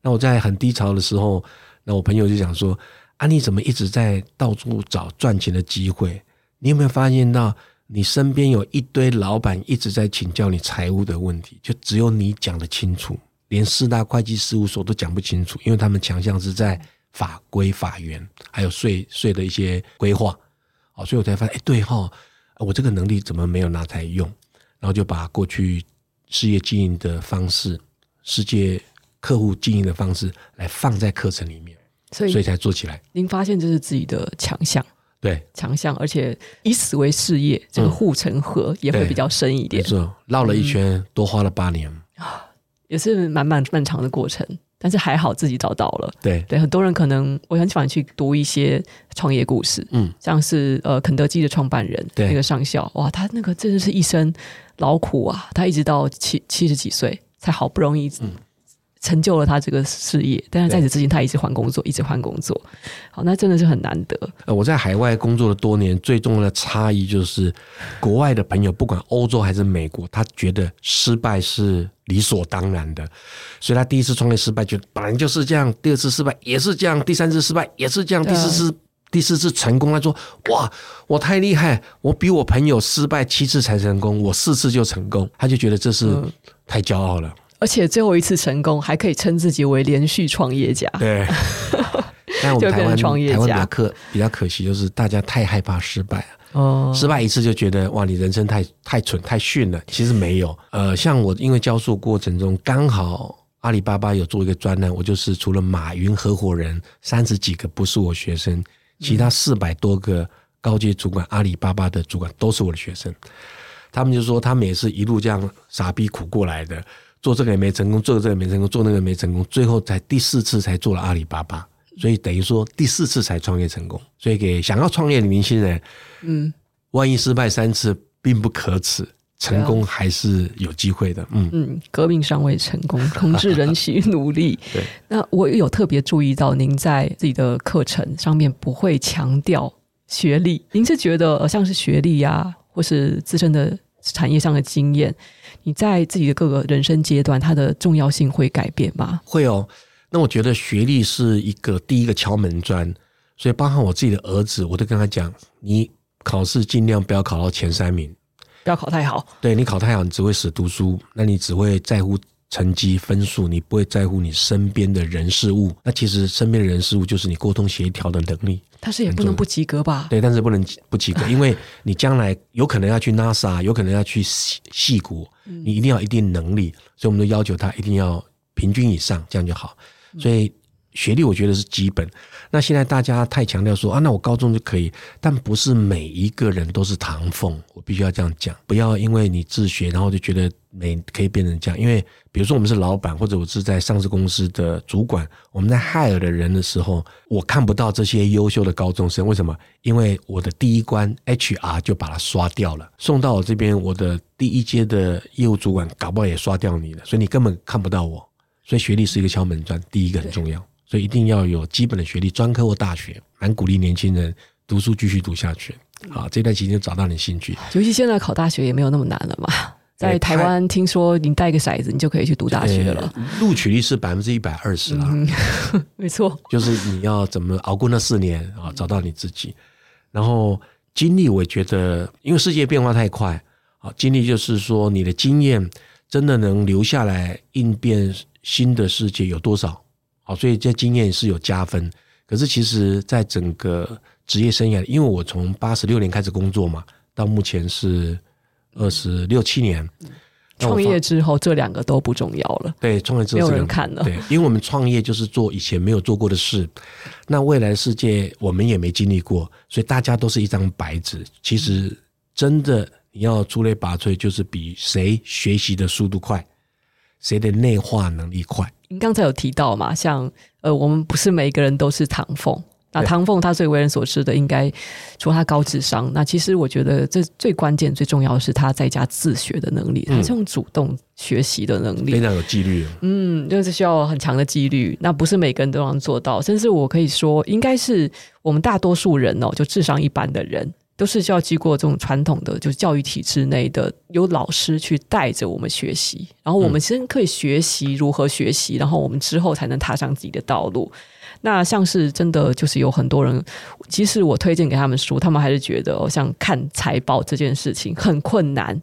B: 那我在很低潮的時候，那我朋友就想說：啊，你怎麼一直在到處找賺錢的機會？你有沒有發現到，你身邊有一堆老板一直在請教你財務的問題，就只有你講得清楚，連四大會計事務所都講不清楚，因為他們強項是在法規法源，還有稅稅的一些規劃。哦，所以我才發現，哎，對哈、哦，我這個能力怎麼沒有拿來用？然後就把過去事業經營的方式、世界客戶經營的方式來放在課程裡面，
A: 所以所以才做起來。您發現這是自己的強項，對，強項，而且以此為事業，這個護城河也會比較深一點。嗯、是
B: 繞了一圈、嗯，多花了八年啊，
A: 也是蠻蠻漫，漫長的過程。但是還好自己找到了，對對，很多人可能我很喜歡去讀一些創業故事，嗯，像是呃肯德基的創辦人，對，那個上校，哇，他那個真的是一生勞苦啊，他一直到七七十幾歲才好不容易成就了他這個事業，嗯，但是在此之前他一直換工作，
B: 一直換工作，好，那真的是很難得。呃。我在海外工作了多年，最重要的差異就是國外的朋友，不管歐洲還是美國，他覺得失敗是。理所當然的，所以他第一次創業失敗，就本來就是這樣；第二次失敗也是這樣，第三次失敗也是這樣，第四次第四次成功，他說：“哇，我太厲害，我比我朋友失敗七次才成功，我四次就成功。”他就覺得這是太驕傲了，
A: 嗯，而且最後一次成功還可以稱自己為連續創業家。
B: 對， 但我們台灣創業灣比較可惜，就是大家太害怕失敗了。
A: 失敗
B: 一次就覺得，哇，你人生太太蠢太遜了。其實沒有，呃，像我因為教書過程中，剛好阿里巴巴有做一個專欄，我就是除了馬雲合夥人三十幾個不是我學生，其他四百多個高階主管，嗯、阿里巴巴的主管都是我的學生。他們就說，他們也是一路這樣傻逼苦過來的，做這個也沒成功，做這個也沒成功，做那個也沒成功，最後才第四次才做了阿里巴巴。所以等於說第四次才創業成功，所以給想要創業的年輕人，嗯，萬一失敗三次，並不可恥，成功還是有機會的。嗯嗯，
A: 革命尚未成功，同志仍需努力。 對，那我有特別注意到，您在自己的課程上面不會強調學歷，您是覺得呃像是學歷啊，或是自身的產業上的經驗，你在自己的各個人生階段，它的重要性會改變嗎？
B: 會有哦。那我覺得學歷是一個第一個敲門磚，所以包含我自己的兒子，我都跟他講，你考試儘量不要考到前三名，不要考太好。對，你考太好，你只會死讀書，那你只會在乎成績分數，你不會在乎你身邊的人事物。那其實身邊的人事物就是你溝通協調的能力。但是也不能不
A: 及格吧？
B: 對，但是不能不及格， 因為你將來有可能要去 NASA，有可能要去矽谷，你一定要一定能力，嗯。所以我們都要求他一定要平均以上，這樣就好。所以學歷我覺得是基本。那現在大家太強調說啊，那我高中就可以，但不是每一個人都是唐鳳，我必須要這樣講。不要因為你自學，然後就覺得沒，可以變成這樣。因為比如說我們是老闆，或者我是在上市公司的主管，我們在 hire 的人的時候，我看不到這些優秀的高中生，為什麼？因為我的第一關 HR 就把它刷掉了，送到我這邊，我的第一階的業務主管搞不好也刷掉你了，所以你根本看不到我。所以學歷是一個敲門磚，第一個很重要，所以一定要有基本的學歷，專科或大學。蠻鼓勵年輕人讀書，繼續讀下去。嗯、啊，這段期間就找到你興趣。
A: 尤其現在考大學也沒有那麼難了嘛，在台灣、哎、聽說你帶個骰子，你就可以去讀大學了。
B: 錄、哎哎、取率是百分之一百二十啊，
A: 沒錯，
B: 嗯、 就是你要怎麼熬過那四年啊，找到你自己。然後經歷，我覺得因為世界變化太快啊，經歷就是說你的經驗真的能留下來應變。新的世界有多少？好，所以這經驗是有加分。可是其實，在整個職業生涯，因為我從八十六年開始工作嘛，到目前是二十六七年、嗯。創業
A: 之後，這兩個
B: 都不重要了。對，創業之後這兩個，沒有人看了。對，因為我們創業就是做以前沒有做過的事。那未來世界，我們也沒經歷過，所以大家都是一張白紙。其實，真的你要出類拔萃，就是比誰學習的速度快。誰的內化能力快？您
A: 剛才有提到嘛，像呃，我們不是每個人都是唐鳳，那唐鳳他最為人所知的，應該除了他高智商，那其實我覺得這最關鍵、最重要的是他在家自學的能力，嗯、他這種主動學習的
B: 能力，非常有紀律、啊。嗯，
A: 就是需要很強的紀律，那不是每個人都能做到。甚至我可以說，應該是我們大多數人哦、喔，就智商一般的人，都是需要經過這種傳統的，就是教育體制內的有老師去帶着我們學習，然後我們先可以學習如何學習，然後我們之後才能踏上自己的道路。那像是真的，就是有很多人，即使我推薦給他們書，他們還是覺得我、哦、像看財報這件事情很困難，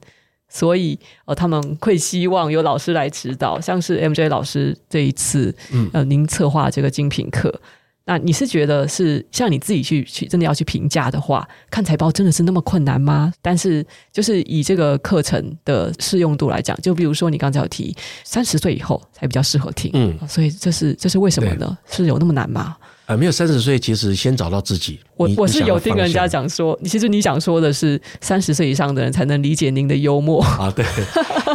A: 所以呃、哦，他們會希望有老師來指導，像是 MJ 老師這一次，嗯，呃，您策劃這個精品課。嗯那你是覺得是像你自己去去真的要去評價的話，看財報真的是那麼困難嗎？但是就是以這個課程的適用度來講，就比如說你剛才有提三十歲以後才比較適合聽，嗯，所以這是這是為什麼呢？是有那麼難嗎？
B: 啊、呃，沒有三十歲，其實先找到自己。我我是有聽人家講
A: 說，其實你想說的是三十歲以上的人才能理解您的幽默
B: 啊。對，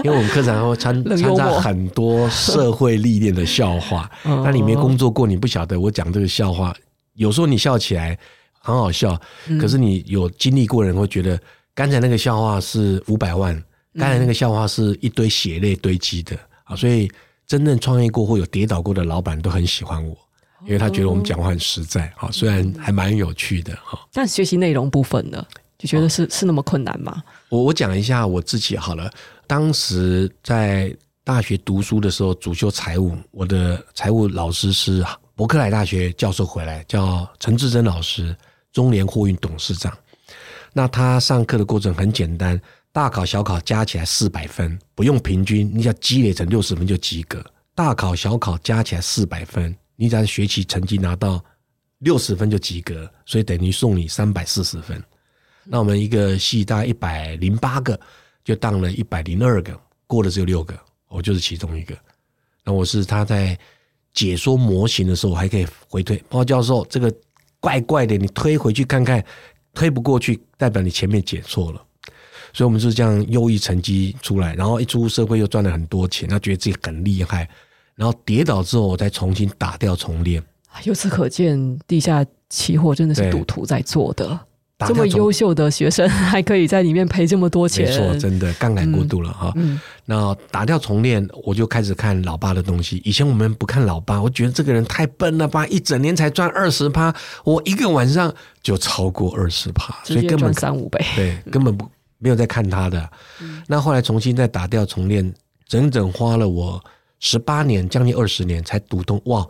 B: 因為我們課程還會參參加很多社會歷練的笑話。但 你沒工作過，你不曉得我講這個笑話，嗯。有時候你笑起來很好笑，可是你有經歷過的人會覺得，剛、嗯、才那個笑話是五百萬，剛才那個笑話是一堆血淚堆積的啊。所以真正創業過或有跌倒過的老闆都很喜歡我。因為他覺得我們講話很實在，哈、嗯，雖然還蠻有趣的哈、嗯嗯。
A: 但學習內容部分呢，就覺得是、哦、是那麼困難嗎？
B: 我我講一下我自己好了。當時在大學讀書的時候，主修財務，我的財務老師是伯克萊大學教授回來，叫陳志珍老師，中聯貨運董事長。那他上課的過程很簡單，大考小考加起來四百分，不用平均，你要積累成六十分就及格。大考小考加起來四百分。你只要學習成績拿到六十分就及格，所以等於送你三百四十分。那我們一個系大概一百零八個，就當了一百零二個，過了只有六個，我就是其中一個。那我是他在解說模型的時候，我還可以回推。包括教授，這個怪怪的，你推回去看看，推不過去，代表你前面解錯了。所以我們就是這樣優異成績出來，然後一出社會又賺了很多錢，他覺得自己很厲害。然後跌倒之後，我再重新打掉重練。由此可
A: 見，地下期貨真的是賭徒在做的。
B: 這麼優
A: 秀的學生還可以在裡面賠這麼多錢，嗯、沒錯，真
B: 的槓桿過度了哈、嗯嗯。那打掉重練，我就開始看老巴的東西。以前我們不看老巴，我覺得這個人太笨了吧，一整年才賺二十趴，我一個晚上就超過二十趴，所以根本三五倍，對，根本不沒有在看他的、嗯。那後來重新再打掉重練，整整花了我。十八年，將近二十年才讀通。哇！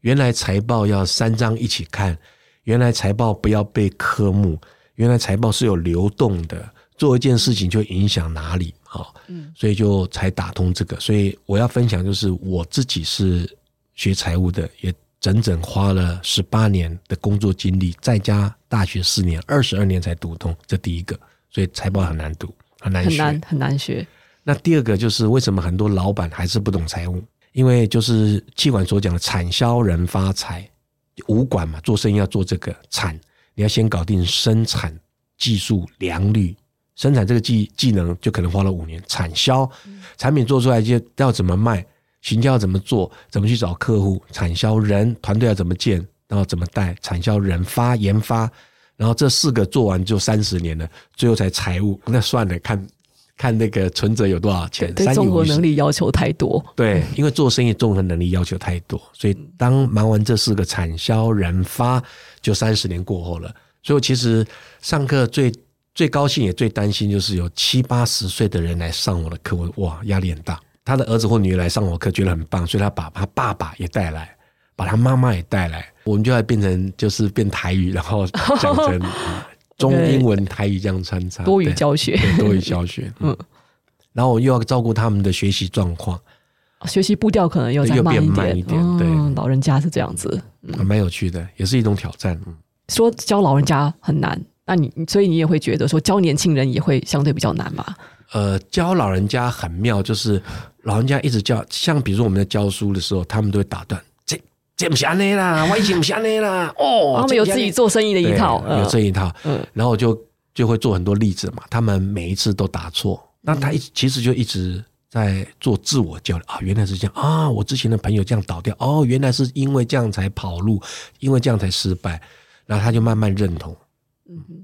B: 原來財報要三張一起看，原來財報不要背科目，原來財報是有流動的，做一件事情就影響哪裡，好，所以就才打通這個。嗯，所以我要分享就是，我自己是學財務的，也整整花了十八年的工作經歷，再加大學四年，二十二年才讀通，這第一個，所以財報很難讀，很難學，很難，很難學。那第二個就是為什麼很多老板還是不懂財務？因為就是企管所講的，產銷人發財，五管嘛，做生意要做這個產，你要先搞定生產技術良率，生產這個技技能就可能花了五年。產銷產品做出來就要怎麼賣，行銷要怎麼做，怎麼去找客戶，產銷人團隊要怎麼建，然後怎麼帶，產銷人發研發，然後這四個做完就三十年了，最後才財務，那算了，看。看那個存摺有多少錢？對，綜合能力要求太多。對，因為做生意綜合能力要求太多。嗯，所以當忙完這四個產銷人發，就三十年過後了。所以其實上課最最高興也最擔心，就是有七八十歲的人來上我的課，我哇壓力很大。他的兒子或女兒來上我課，覺得很棒，所以他把他爸爸也帶來，把他媽媽也帶來，我們就要變成就是變台語，然後講真。 中英文、台語這樣穿插，多語教學，對，對，多語教學，嗯學。嗯，然後我又要照顧他們的學習狀況，
A: 學習步調可能又慢又變慢一點、嗯。對，
B: 老人家是這樣子、嗯啊，蠻有趣的，也是一種挑戰。
A: 嗯、說教老人家很難，嗯、那你所以你也會覺得說教年輕人也會相對比較難嘛？
B: 呃，教老人家很妙，就是老人家一直教，像比如說我們在教書的時候，他們都會打斷。接不安那啦，我一接不安那啦， 哦，他們有自己做生意的一套，嗯、有這一套，嗯、然後就就會做很多例子嘛。他們每一次都答錯，那他一、嗯、其實就一直在做自我交流教育啊。原來是這樣啊，我之前的朋友這樣倒掉，哦，原來是因為這樣才跑路，因為這樣才失敗。然後他就慢慢認同，嗯嗯、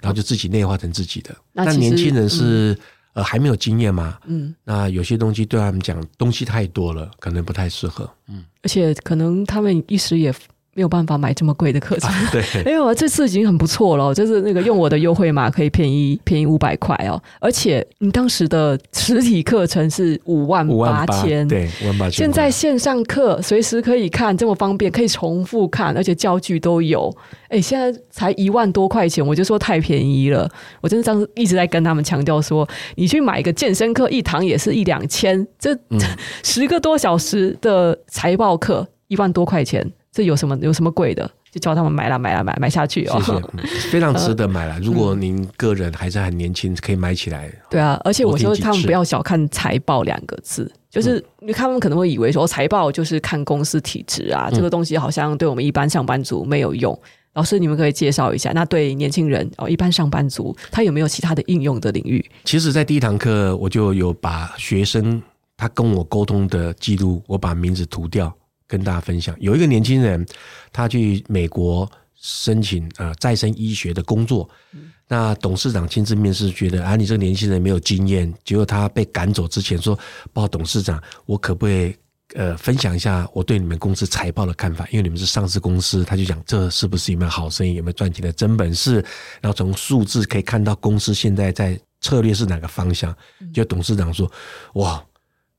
B: 然後就自己內化成自己的。但年輕人是。嗯呃，還沒有經驗嘛，嗯，那有些東西對他們講，東西太多了，可能不太適合。嗯，
A: 而且可能他們一時也。沒有辦法買這麼貴的課程，哎、啊、呦，對，因為這次已經很不錯了，就是那個用我的優惠碼可以便宜便宜五百塊哦，而且你當時的實體課程是五萬五萬八千，對，五萬八千，現在線上課隨時可以看，這麼方便，可以重複看，而且教具都有，哎，現在才一萬多塊錢，我就說太便宜了，我真的當時一直在跟他們強調說，你去買一個健身課一堂也是一兩千，這、嗯、十個多小時的財報課一萬多塊錢。這有什麼有什麼貴的，就叫他們買啦買啦買買下去哦是是、嗯。非常值得買
B: 啦。 如果您個人還是很年輕、嗯，可以買起來。
A: 對啊，而且我說他們不要小看財報兩個字，就是因為他們可能會以為說財報就是看公司體質啊、嗯，這個東西好像對我們一般上班族沒有用。嗯、老師，你們可以介紹一下，那對年輕人哦，一般上班族他有沒有其他的
B: 應用的領域？其實，在第一堂課我就有把學生他跟我溝通的記錄，我把名字塗掉。跟大家分享，有一個年輕人，他去美國申請呃再生醫學的工作、嗯，那董事長親自面試，覺得啊，你這個年輕人沒有經驗，結果他被趕走之前說，報董事長，我可不可以呃分享一下我對你們公司財報的看法，因為你們是上市公司，他就講這是不是一門好生意，有沒有賺錢的真本事，然後從數字可以看到公司現在在策略是哪個方向，就、嗯、董事長說，哇！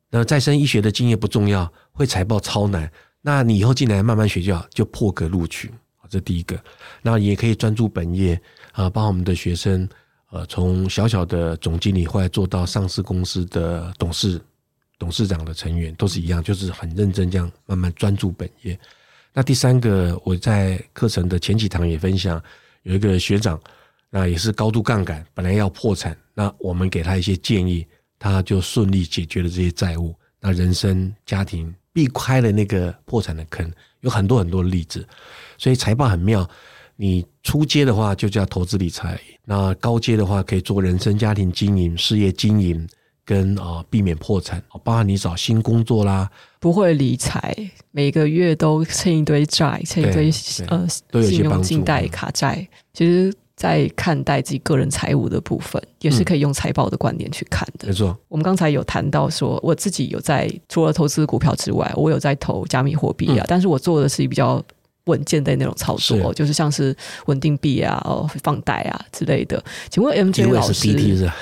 B: 那再生醫學的經驗不重要，會財報超難。那你以後進來慢慢學就好，就破格錄取。這第一個，那也可以專注本業，啊，幫我們的學生，呃，從小小的總經理後來做到上市公司的董事、董事長的成員，都是一樣，就是很認真這樣慢慢專注本業。那第三個，我在課程的前幾堂也分享，有一個學長，那也是高度槓桿，本來要破產，那我們給他一些建議。他就順利解決了這些債務，那人生家庭避開了那個破產的坑，有很多很多例子。所以財報很妙，你初階的話就叫投資理財，那高階的話可以做人生家庭經營、事業經營，跟、呃、啊避免破產，包含你找新工作啦。
A: 不會理財，每個月都欠一堆債，欠一堆呃信用信貸卡債，其實。在看待自己個人財務的部分，也是可以用財報的觀點去看的。嗯、沒錯，我們剛才有談到說，我自己有在除了投資股票之外，我有在投加密貨幣啊。但是我做的是比較穩健的那種操作，是就是像是穩定幣啊、哦放貸啊之類的。請問 MJ 老師，USDT 是嗎？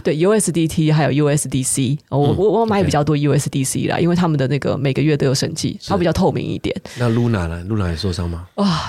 A: 對 USDT 還有 USDC，我、嗯、我、哦、我買也比較多 USDC 啦，okay. 因為他們的那個每個月都有審計，它比較透明一點。那 Luna 呢？Luna 也
B: 受傷嗎？哇、
A: 哦！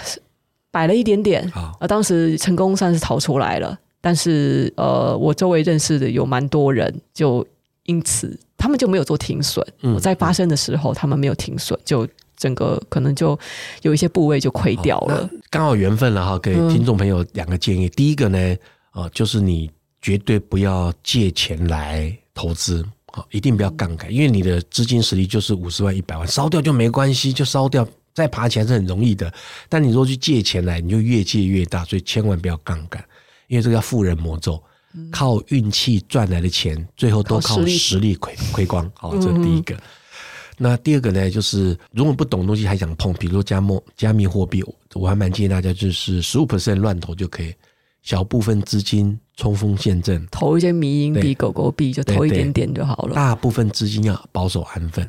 A: 買了一點點，啊，當時成功算是逃出來了，但是呃，我周圍認識的有蠻多人就因此他們就沒有做停損，嗯，在發生的時候、嗯、他們沒有停損，就整個可能就有一些部位就虧掉了。哦、
B: 剛好緣分了哈，給聽眾朋友兩個建議：嗯、第一個呢，啊，就是你絕對不要借錢來投資，啊，一定不要槓桿，因為你的資金實力就是五十萬、一百萬，燒掉就沒關係，就燒掉。再爬起來是很容易的，但你如果去借錢來，你就越借越大，所以千萬不要槓桿，因為這個叫富人魔咒，靠運氣賺來的錢，嗯，最後都靠實力虧虧光， 嗯。好，這是第一個。那第二個呢，就是如果不懂東西還想碰，比如說加加密貨幣，我還蠻建議大家就是十五 percent 亂投就可以，小部分資金衝鋒陷陣，投一些迷因幣、狗狗幣就投一點點就好了。對對對，大部分資金要保守安分。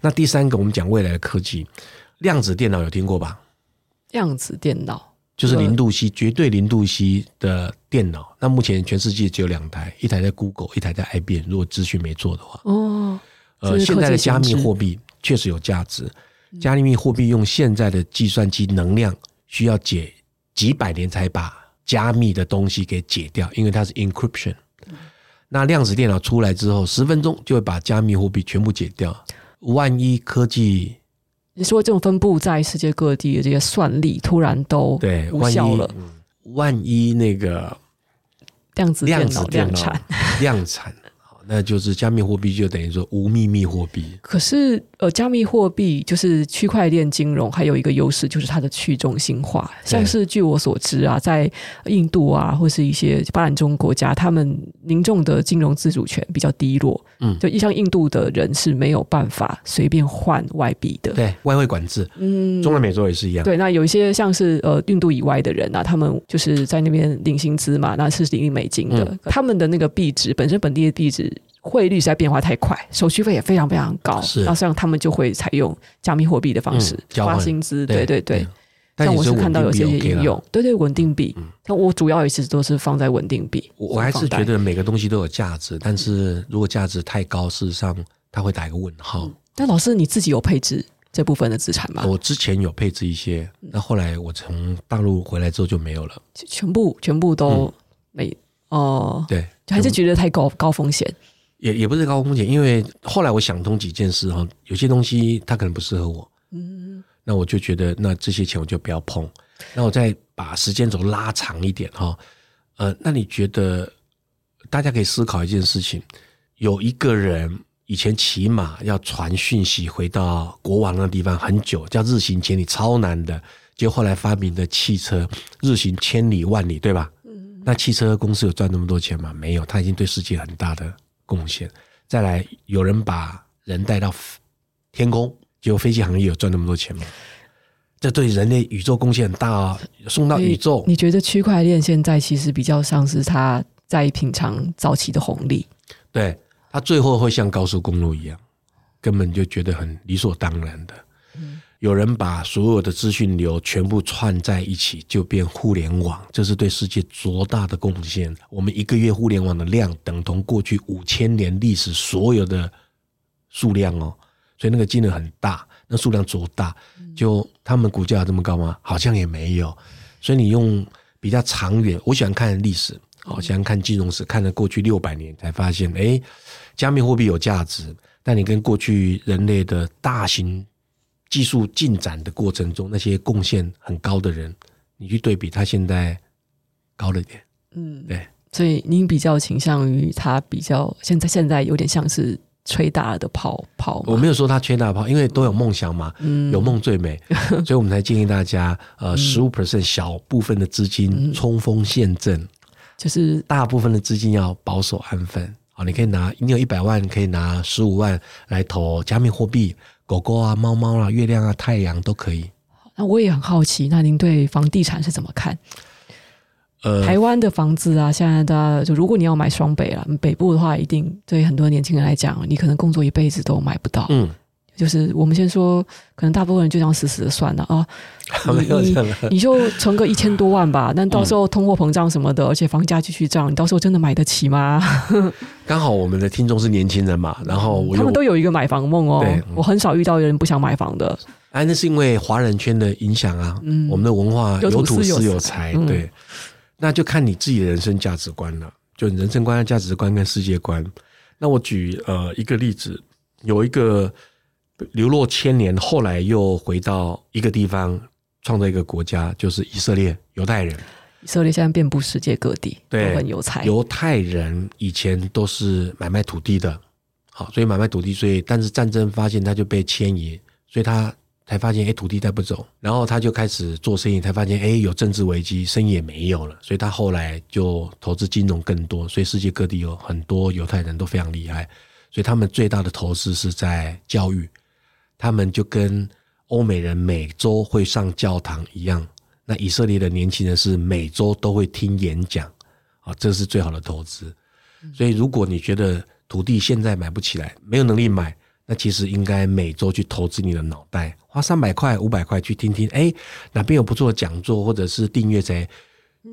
B: 那第三個，我們講未來的科技。量子電腦有聽過吧？
A: 量子電腦
B: 就是零度 C，對絕對零度 C 的電腦。那目前全世界只有兩台，一台在 Google，一台在 IBM。如果資訊沒錯的話，
A: 哦，呃，現在的加密貨
B: 幣確實有價值。嗯、加密貨幣用現在的計算機能量，需要解幾百年才把加密的東西給解掉，因為它是 encryption、嗯。那量子電腦出來之後，十分鐘就會把加密貨幣全部解掉。萬一科技……
A: 你說這種分布在世界各地的這些算力，突然都對無效了，萬一、嗯。
B: 萬一那個量子
A: 電腦量產量產。
B: 量產。那就是加密貨幣就等於說無秘密貨幣。
A: 可是，呃，加密貨幣就是區塊鏈金融，還有一個優勢就是它的去中心化。像是據我所知啊，在印度啊或是一些發展中國家，他們民眾的金融自主權比較低落。嗯，就像印度的人是沒有辦法隨便換外幣的。對，
B: 外匯管制。嗯，中美洲也是一樣。對，
A: 那有一些像是呃印度以外的人啊，他們就是在那邊領薪資嘛，那四十零美金的、嗯，他們的那個幣值本身本地的幣值。匯率在變化太快，手續費也非常非常高，然後像他們就會採用加密貨幣的方式發、嗯、薪資。對對對，對，
B: 但我是看到有些、些應用，穩
A: OK、對對穩定幣。那、嗯、我主要也是都是放在穩定
B: 幣。我還是覺得每個東西都有價值、嗯，但是如果價值太高，事實上它會打一個問號。嗯、
A: 但老師你自己有配置這部分的資產嗎？
B: 我之前有配置一些，那後來我從大陸回來之後就沒有了，
A: 嗯、全部全部都沒哦、嗯呃。
B: 對，還是
A: 覺得太高高風險。
B: 也也不是高風險，因為後來我想通幾件事哈，有些東西它可能不適合我，嗯，那我就覺得那這些錢我就不要碰，那我再把時間軸拉長一點哈，呃，那你覺得大家可以思考一件事情，有一個人以前騎馬要傳訊息回到國王那地方很久，叫日行千里超難的，結果後來發明的汽車，日行千里萬里對吧？嗯，那汽車公司有賺那麼多錢嗎？沒有，他已經對世界很大的。貢獻，再來有人把人帶到天空，結果飛機行業有賺那麼多錢嗎？這對人類宇宙貢獻很大啊！送到宇宙，
A: 你覺得區塊鏈現在其實比較像是它在品嚐早期的紅利，
B: 對，它最後會像高速公路一樣，根本就覺得很理所當然的。有人把所有的資訊流全部串在一起，就變互聯網。這是對世界多大的貢獻！我們一個月互聯網的量，等同過去五千年歷史所有的數量哦、喔。所以那個金額很大，那數量多大？就他們股價這麼高嗎？好像也沒有。所以你用比較長遠，我喜歡看歷史，我喜歡看金融史，看了過去六百年，才發現誒、欸，加密貨幣有價值。但你跟過去人類的大型。技術進展的過程中，那些貢獻很高的人，你去對比他現在高了一點。嗯，對，
A: 所以您比較傾向於他比較現在現在有點像是吹大的
B: 泡泡嗎？我沒有說他吹大泡，因為都有夢想嘛。嗯，有夢最美， 所以我們才建議大家，呃，十五 percent 小部分的資金衝鋒陷陣，就是大部分的資金要保守安分。好，你可以拿你有一百萬，可以拿十五萬來投加密貨幣。狗狗啊，貓貓啦，月亮啊，太陽都可以。
A: 那我也很好奇，那您對房地產是怎麼看？
B: 呃，台
A: 灣的房子啊，現在的就如果你要買雙北啦，北部的話，一定對很多年輕人來講，你可能工作一輩子都買不到。嗯。就是我們先說，可能大部分人就這樣死死的算了啊，你你，你就存個一千多萬吧，那到時候通貨膨脹什麼的、嗯，而且房價繼續漲，你到時候真的買得起嗎？
B: 剛好我們的聽眾是年輕人嘛，然後他們都
A: 有一個買房夢哦。對、嗯，我很少遇到有人不想買房的。
B: 哎、啊，那是因為華人圈的影響啊，嗯、我們的文化有土斯有財、嗯。對，那就看你自己的人生價值觀了、啊，就人生觀、價值觀跟世界觀。那我舉呃一個例子，有一個。流落千年，後來又回到一個地方，創造一個國家，就是以色列，猶太人。
A: 以色列現在遍布世界各地，都很有才。猶
B: 太人以前都是買賣土地的，好，所以買賣土地，所以但是戰爭發現他就被遷移，所以他才發現哎，土地帶不走，然後他就開始做生意，才發現哎，有政治危機，生意也沒有了，所以他後來就投資金融更多，所以世界各地有很多猶太人都非常厲害，所以他們最大的投資是在教育。他們就跟歐美人每周會上教堂一樣，那以色列的年輕人是每周都會聽演講，啊，這是最好的投資。所以，如果你覺得土地現在買不起來，沒有能力買，那其實應該每周去投資你的腦袋，花三百塊、五百塊去聽聽，哎，哪邊有不錯的講座，或者是訂閱在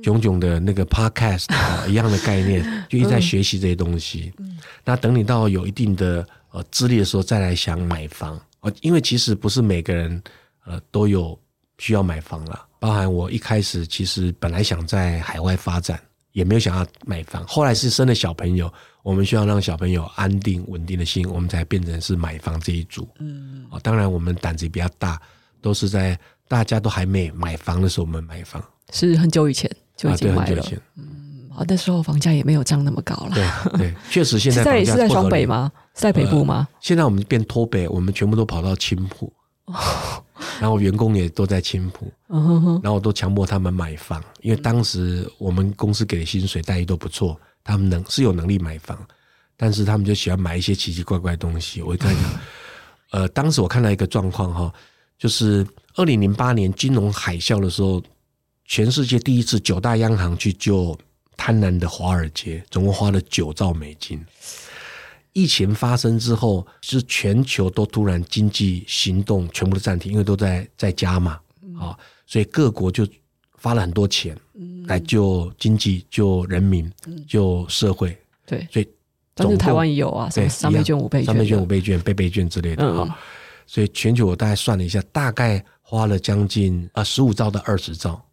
B: 冏冏的那個 podcast， 哦，一樣的概念，就一直在學習這些東西，嗯嗯。那等你到有一定的呃資歷的時候，再來想買房。我，因為其實不是每個人，呃，都有需要買房啦。包含我一開始其實本來想在海外發展，也沒有想要買房。後來是生了小朋友，我們需要讓小朋友安定穩定的心，我們才變成是買房這一組。嗯，當然我們膽子也比較大，都是在大家都還沒買房的時候，我們買房。
A: 是很久以前就已經買了。啊、很久以前。嗯，啊，那時候房價也沒有漲那麼高了。對，
B: 對，確實現在。現在也是在雙北嗎？塞北部嗎、呃？現在我們變脫北，我們全部都跑到青浦，oh. 然後員工也都在青浦，oh. 然後我都強迫他們買房，oh. 因為當時我們公司給的薪水待遇都不錯，他們能是有能力買房，但是他們就喜歡買一些奇奇怪怪的東西。我會看一下 呃，當時我看到一個狀況哈，就是二零零八年金融海嘯的時候，全世界第一次九大央行去救貪婪的華爾街，總共花了九兆美金。疫情發生之後，就是全球都突然經濟行動全部都暫停，因為都在在家嘛、嗯啊，所以各國就發了很多錢、嗯、來救經濟、救人民、嗯、救社會。對，所以當時台灣也有啊，什麼三,三倍券，五倍券、倍券五倍券、三倍券、五倍券、倍倍券之類的、嗯、啊。所以全球我大概算了一下，大概花了將近啊十五兆到二十兆，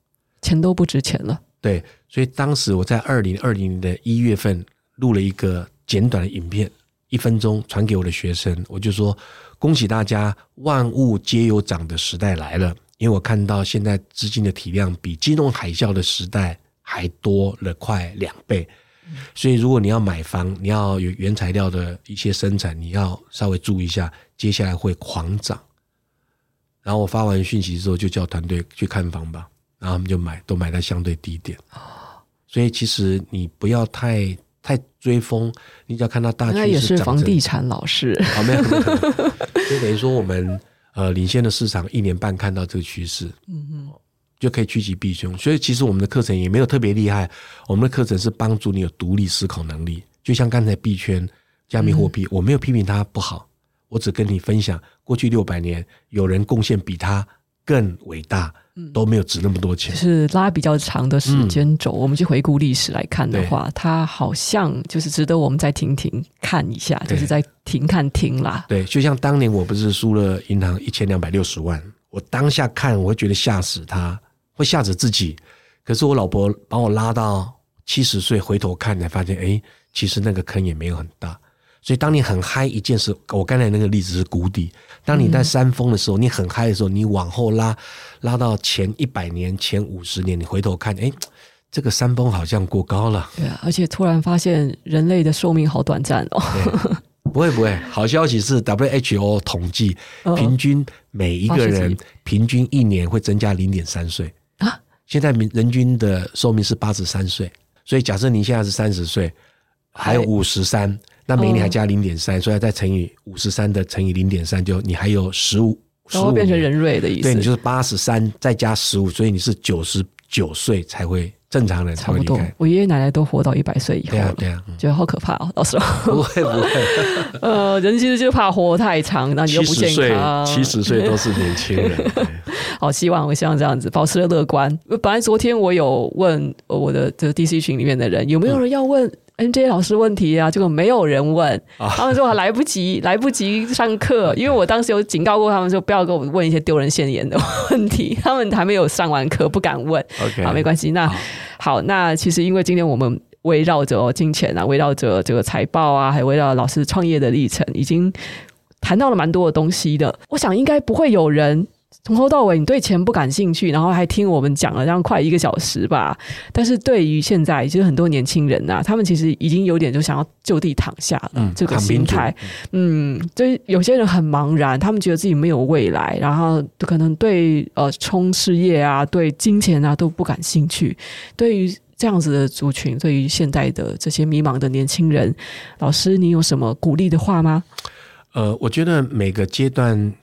B: 錢都不值錢了。對，所以當時我在二零二零年的一月份錄了一個簡短的影片。一分鐘傳給我的學生，我就說：“恭喜大家，萬物皆有漲的時代來了。”因為我看到現在資金的體量比金融海嘯的時代還多了快兩倍，所以如果你要買房，你要有原材料的一些生產，你要稍微注意一下，接下來會狂漲。然後我發完訊息之後，就叫團隊去看房吧。然後他們就買，都買在相對低點。啊，所以其實你不要太。追風，你只要看到大趨勢，那也是房地產老師，就、哦、沒有、 等於說我們呃領先的市場一年半看到這個趨勢，嗯嗯，就可以趨吉避凶。所以其實我們的課程也沒有特別厲害，我們的課程是幫助你有獨立思考能力。就像剛才幣圈、加密貨幣，嗯、我沒有批評它不好，我只跟你分享過去六百年有人貢獻比他更偉大都沒有值那麼多錢，嗯，就
A: 是拉比較長的時間軸，嗯。我們去回顧歷史來看的話，它好像就是值得我們再停停看一下，就是在停看停啦。
B: 對，就像當年我不是輸了銀行一千兩百六十萬，我當下看我會覺得嚇死他，會嚇死自己。可是我老婆把我拉到七十歲回頭看，才發現，哎，其實那個坑也沒有很大。所以，當你很嗨一件事，我剛才那個例子是谷底。當你在山峰的時候，你很嗨的時候，你往後拉，拉到前一百年前五十年，你回頭看，誒，這個山峰好像過高了。
A: 對啊，而且突然發現人類的壽命好短暫哦。
B: 不會不會，好消息是 WHO 統計，平均每一個人平均一年會增加零點三歲啊。現在人均的壽命是八十三歲，所以假設你現在是三十歲，還有五十三。那每年還加零點三，所以再乘以五十三的乘以零點三，就你還有十五，然後變成人瑞的意思，對你就是八十三再加十五，所以你是九十九歲才會正常人才會離開。
A: 我爺爺奶奶都活到一百歲以後了，對啊，對啊，嗯、覺得好可怕哦、喔，
B: 到時候。不會不會，
A: 呃，人其實就怕活太長，那你又不健康，七十歲，七十歲都是
B: 年輕人。 對，
A: 好，希望我希望這樣子保持樂觀。本來昨天我有問我的這個 DC 群裡面的人，有沒有人要問、嗯？MJ 老師問題啊，結果沒有人問，oh, 他們說還來不及， 來不及上課，因為我當時有警告過他們，說不要跟我問一些丟人現眼的問題，他們還沒有上完課，不敢問。OK，啊，沒關係。那好，好，那其實因為今天我們圍繞着金錢啊，圍繞着這個財報啊，還圍繞老師創業的歷程，已經談到了蠻多的東西的。我想應該不會有人。從頭到尾，你對錢不感興趣，然後還聽我們講了這樣快一個小時吧。但是對於現在，其實很多年輕人啊，他們其實已經有點就想要就地躺下了，嗯、這個心態。嗯，就有些人很茫然，他們覺得自己沒有未來，然後可能對呃衝事業啊、對金錢啊都不感興趣。對於這樣子的族群，對於現在的這些迷茫的年輕人，老師，你有什麼鼓勵的話嗎？
B: 呃，我覺得每個階段。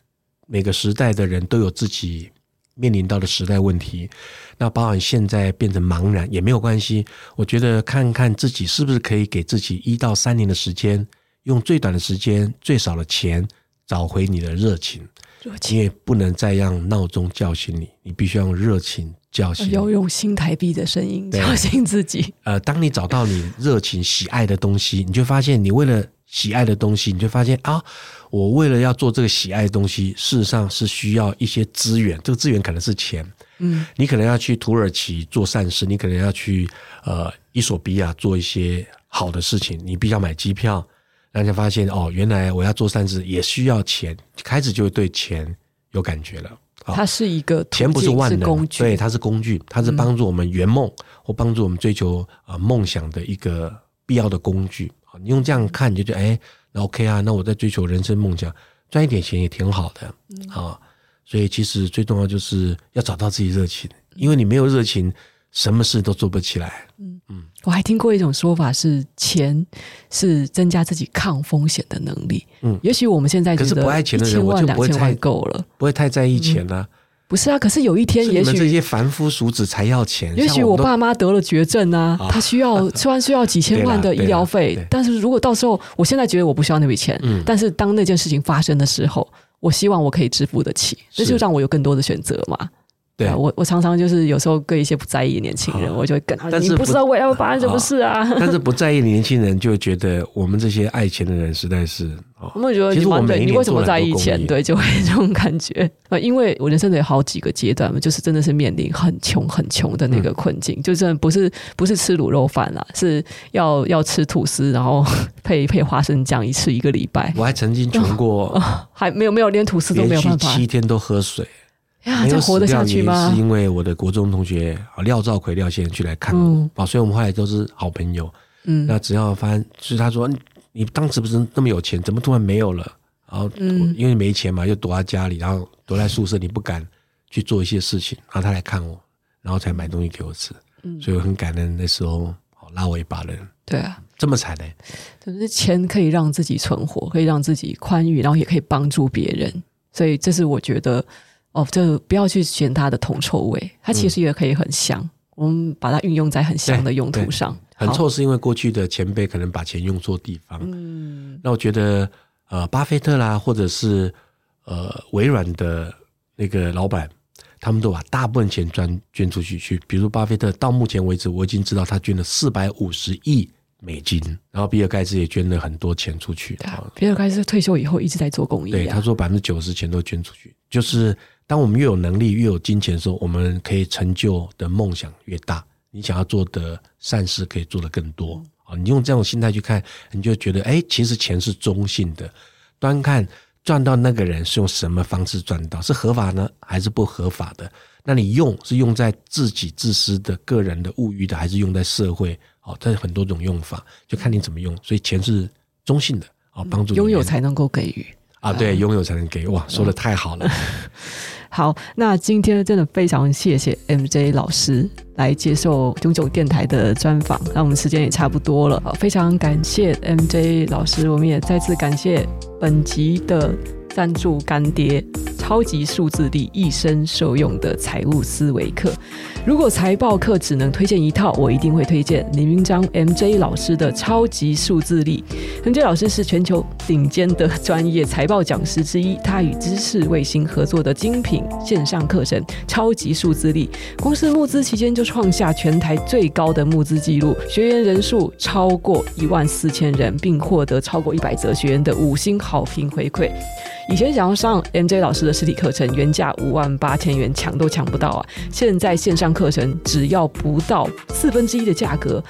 B: 每個時代的人都有自己面臨到的時代問題，那包含現在變成茫然也沒有關係。我覺得看看自己是不是可以給自己一到三年的時間，用最短的時間、最少的錢找回你的熱情。熱情你也不能再讓鬧鐘叫醒你，你必須要用熱情叫醒你。要、
A: 呃、用新台幣的聲音叫醒自己。
B: 呃，當你找到你熱情喜愛的東西，你就發現你為了喜愛的東西，你就發現啊。我為了要做這個喜愛的東西，事實上是需要一些資源。這個資源可能是錢，嗯，你可能要去土耳其做善事，你可能要去呃，伊索比亞做一些好的事情，你必須要買機票。大家發現哦，原來我要做善事也需要錢，開始就會對錢有感覺了。它是一個錢不是萬能是工具，對，它是工具，它是幫助我們圓夢、嗯、或幫助我們追求啊、呃、夢想的一個必要的工具。啊，你用這樣看，你就覺得哎。OK 啊，那我在追求人生夢想，賺一點錢也挺好的。嗯。所以其實最重要就是要找到自己熱情，因為你沒有熱情，什麼事都做不起來。
A: 嗯嗯，我還聽過一種說法是，錢是增加自己抗風險的能力。嗯，也許我們現在覺得一千萬、兩千萬可是不愛錢的人我就不會太夠
B: 了，不會太在意錢了，啊。嗯
A: 不是啊，可是有一天也許我們這
B: 些凡夫俗子才要錢。也許我爸媽
A: 得了絕症啊，啊他需要雖然需要幾千萬的醫療費。但是如果到時候，我現在覺得我不需要那筆錢，但是當那件事情發生的時候，我希望我可以支付得起，這、嗯、就讓我有更多的選擇嘛。對啊，我我常常就是有時候跟一些不在意的年輕人，哦、我就會跟，你不知道 why 會發生什麼事啊。但
B: 是不在意的年輕人就覺得我們這些愛錢的人實在是、哦、實
A: 我們覺得你為什麼在意錢對就會這種感覺呃因為我人生的好幾個階段嘛，就是真的是面臨很窮很窮的那個困境，嗯、就真的不是不是吃滷肉飯啦，是要要吃吐司，然後配一配花生醬一次一個禮拜。我還曾經窮過，哦哦、還沒有沒有連吐司都沒有辦法，七
B: 天都喝水。
A: 沒有死掉也是因
B: 為我的國中同學啊，廖兆奎，廖，兆奎廖先生去來看我，嗯，所以我們後來都是好朋友。嗯，那只要發現，就是他說，你你當時不是那麼有錢，怎麼突然沒有了？然後、嗯、因為沒錢嘛，又躲在家裡，然後躲在宿舍，你不敢去做一些事情，嗯。然後他來看我，然後才買東西給我吃。嗯，所以我很感恩那時候拉我一把的人。對啊，嗯、這麼慘的、欸，
A: 就是錢可以讓自己存活，可以讓自己寬裕，然後也可以幫助別人。所以這是我覺得。哦，就不要去嫌它的銅臭
B: 味，它其實
A: 也可以很香，嗯。我們把它運用在很香的用途上。
B: 很臭是因為過去的前輩可能把錢用錯地方。嗯，那我覺得呃，巴菲特啦，或者是呃微軟的那個老闆，他們都把大部分錢捐捐出去去。比如巴菲特到目前為止，我已經知道他捐了四百五十億美金。然後比爾蓋茨也捐了很多錢出去。啊，比爾蓋茨退休以後一直在做公益，啊。對，他說百分之九十錢都捐出去，就是。當我們越有能力，越有金錢的時候，我們可以成就的夢想越大，你想要做的善事可以做得更多。啊，你用這種心態去看，你就覺得，誒，其實錢是中性的。端看賺到那個人是用什麼方式賺到，是合法呢，還是不合法的？那你用是用在自己自私的、個人的物欲的，還是用在社會？哦，它有很多種用法，就看你怎麼用。所以錢是中性的，哦，幫助擁有才能夠給予啊，對，擁有才能給予。哇，說得太好了。
A: 好，那今天真的非常謝謝 MJ 老師來接受冏冏電臺的專訪。那我們時間也差不多了，好，非常感謝 MJ 老師，我們也再次感謝本集的贊助乾爹。超級數字力一生受用的財務思維課，如果財報課只能推薦一套，我一定會推薦林明樟 M J 老師的《超級數字力》。M J 老師是全球頂尖的專業財報講師之一，他與知識衛星合作的精品線上課程《超級數字力》，公司募資期間就創下全台最高的募資記錄，學員人數超過一萬四千人，並獲得超過一百則學員的五星好評回饋。以前想要上 M J 老師的實體課程原價五萬八千元，搶都搶不到啊！現在線上課程只要不到四分之一的價格，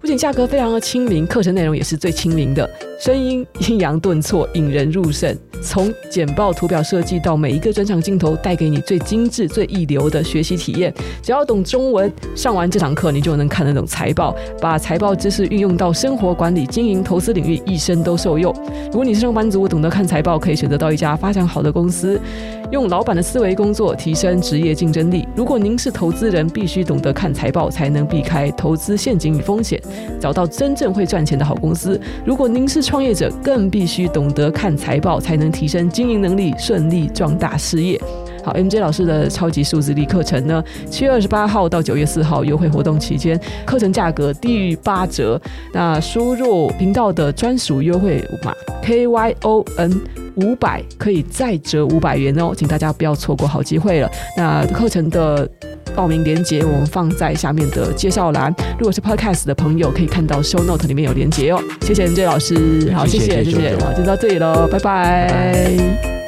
A: 不僅價格非常的親民，課程內容也是最親民的。聲音抑揚頓挫，引人入勝。從簡報圖表設計到每一個轉場鏡頭，帶給你最精致、最一流的學習體驗。只要懂中文，上完這堂課，你就能看得懂財報，把財報知識運用到生活管理、經營、投資領域，一生都受用。如果你是上班族，懂得看財報，可以選擇到一家發展好的公司，用老闆的思維工作，提升職業競爭力。如果您是投資人，必須懂得看財報，才能避開投資陷阱與風險，找到真正會賺錢的好公司。如果您是，創業者更必須懂得看財報，才能提升經營能力，順利壯大事業。好，M J 老師的超級數字力課程呢，七月二十八號到九月四號優惠活動期間，課程價格低於八折。那輸入頻道的專屬優惠碼 K Y O N 五百，可以再折五百元哦，請大家不要錯過好機會了。那課程的報名鏈接我們放在下面的介紹欄，如果是 Podcast 的朋友可以看到 Show Note 裡面有鏈接哦。謝謝 M J 老師、嗯嗯，好，謝謝謝謝，謝謝救救好，就到這裡嘍，拜拜。拜拜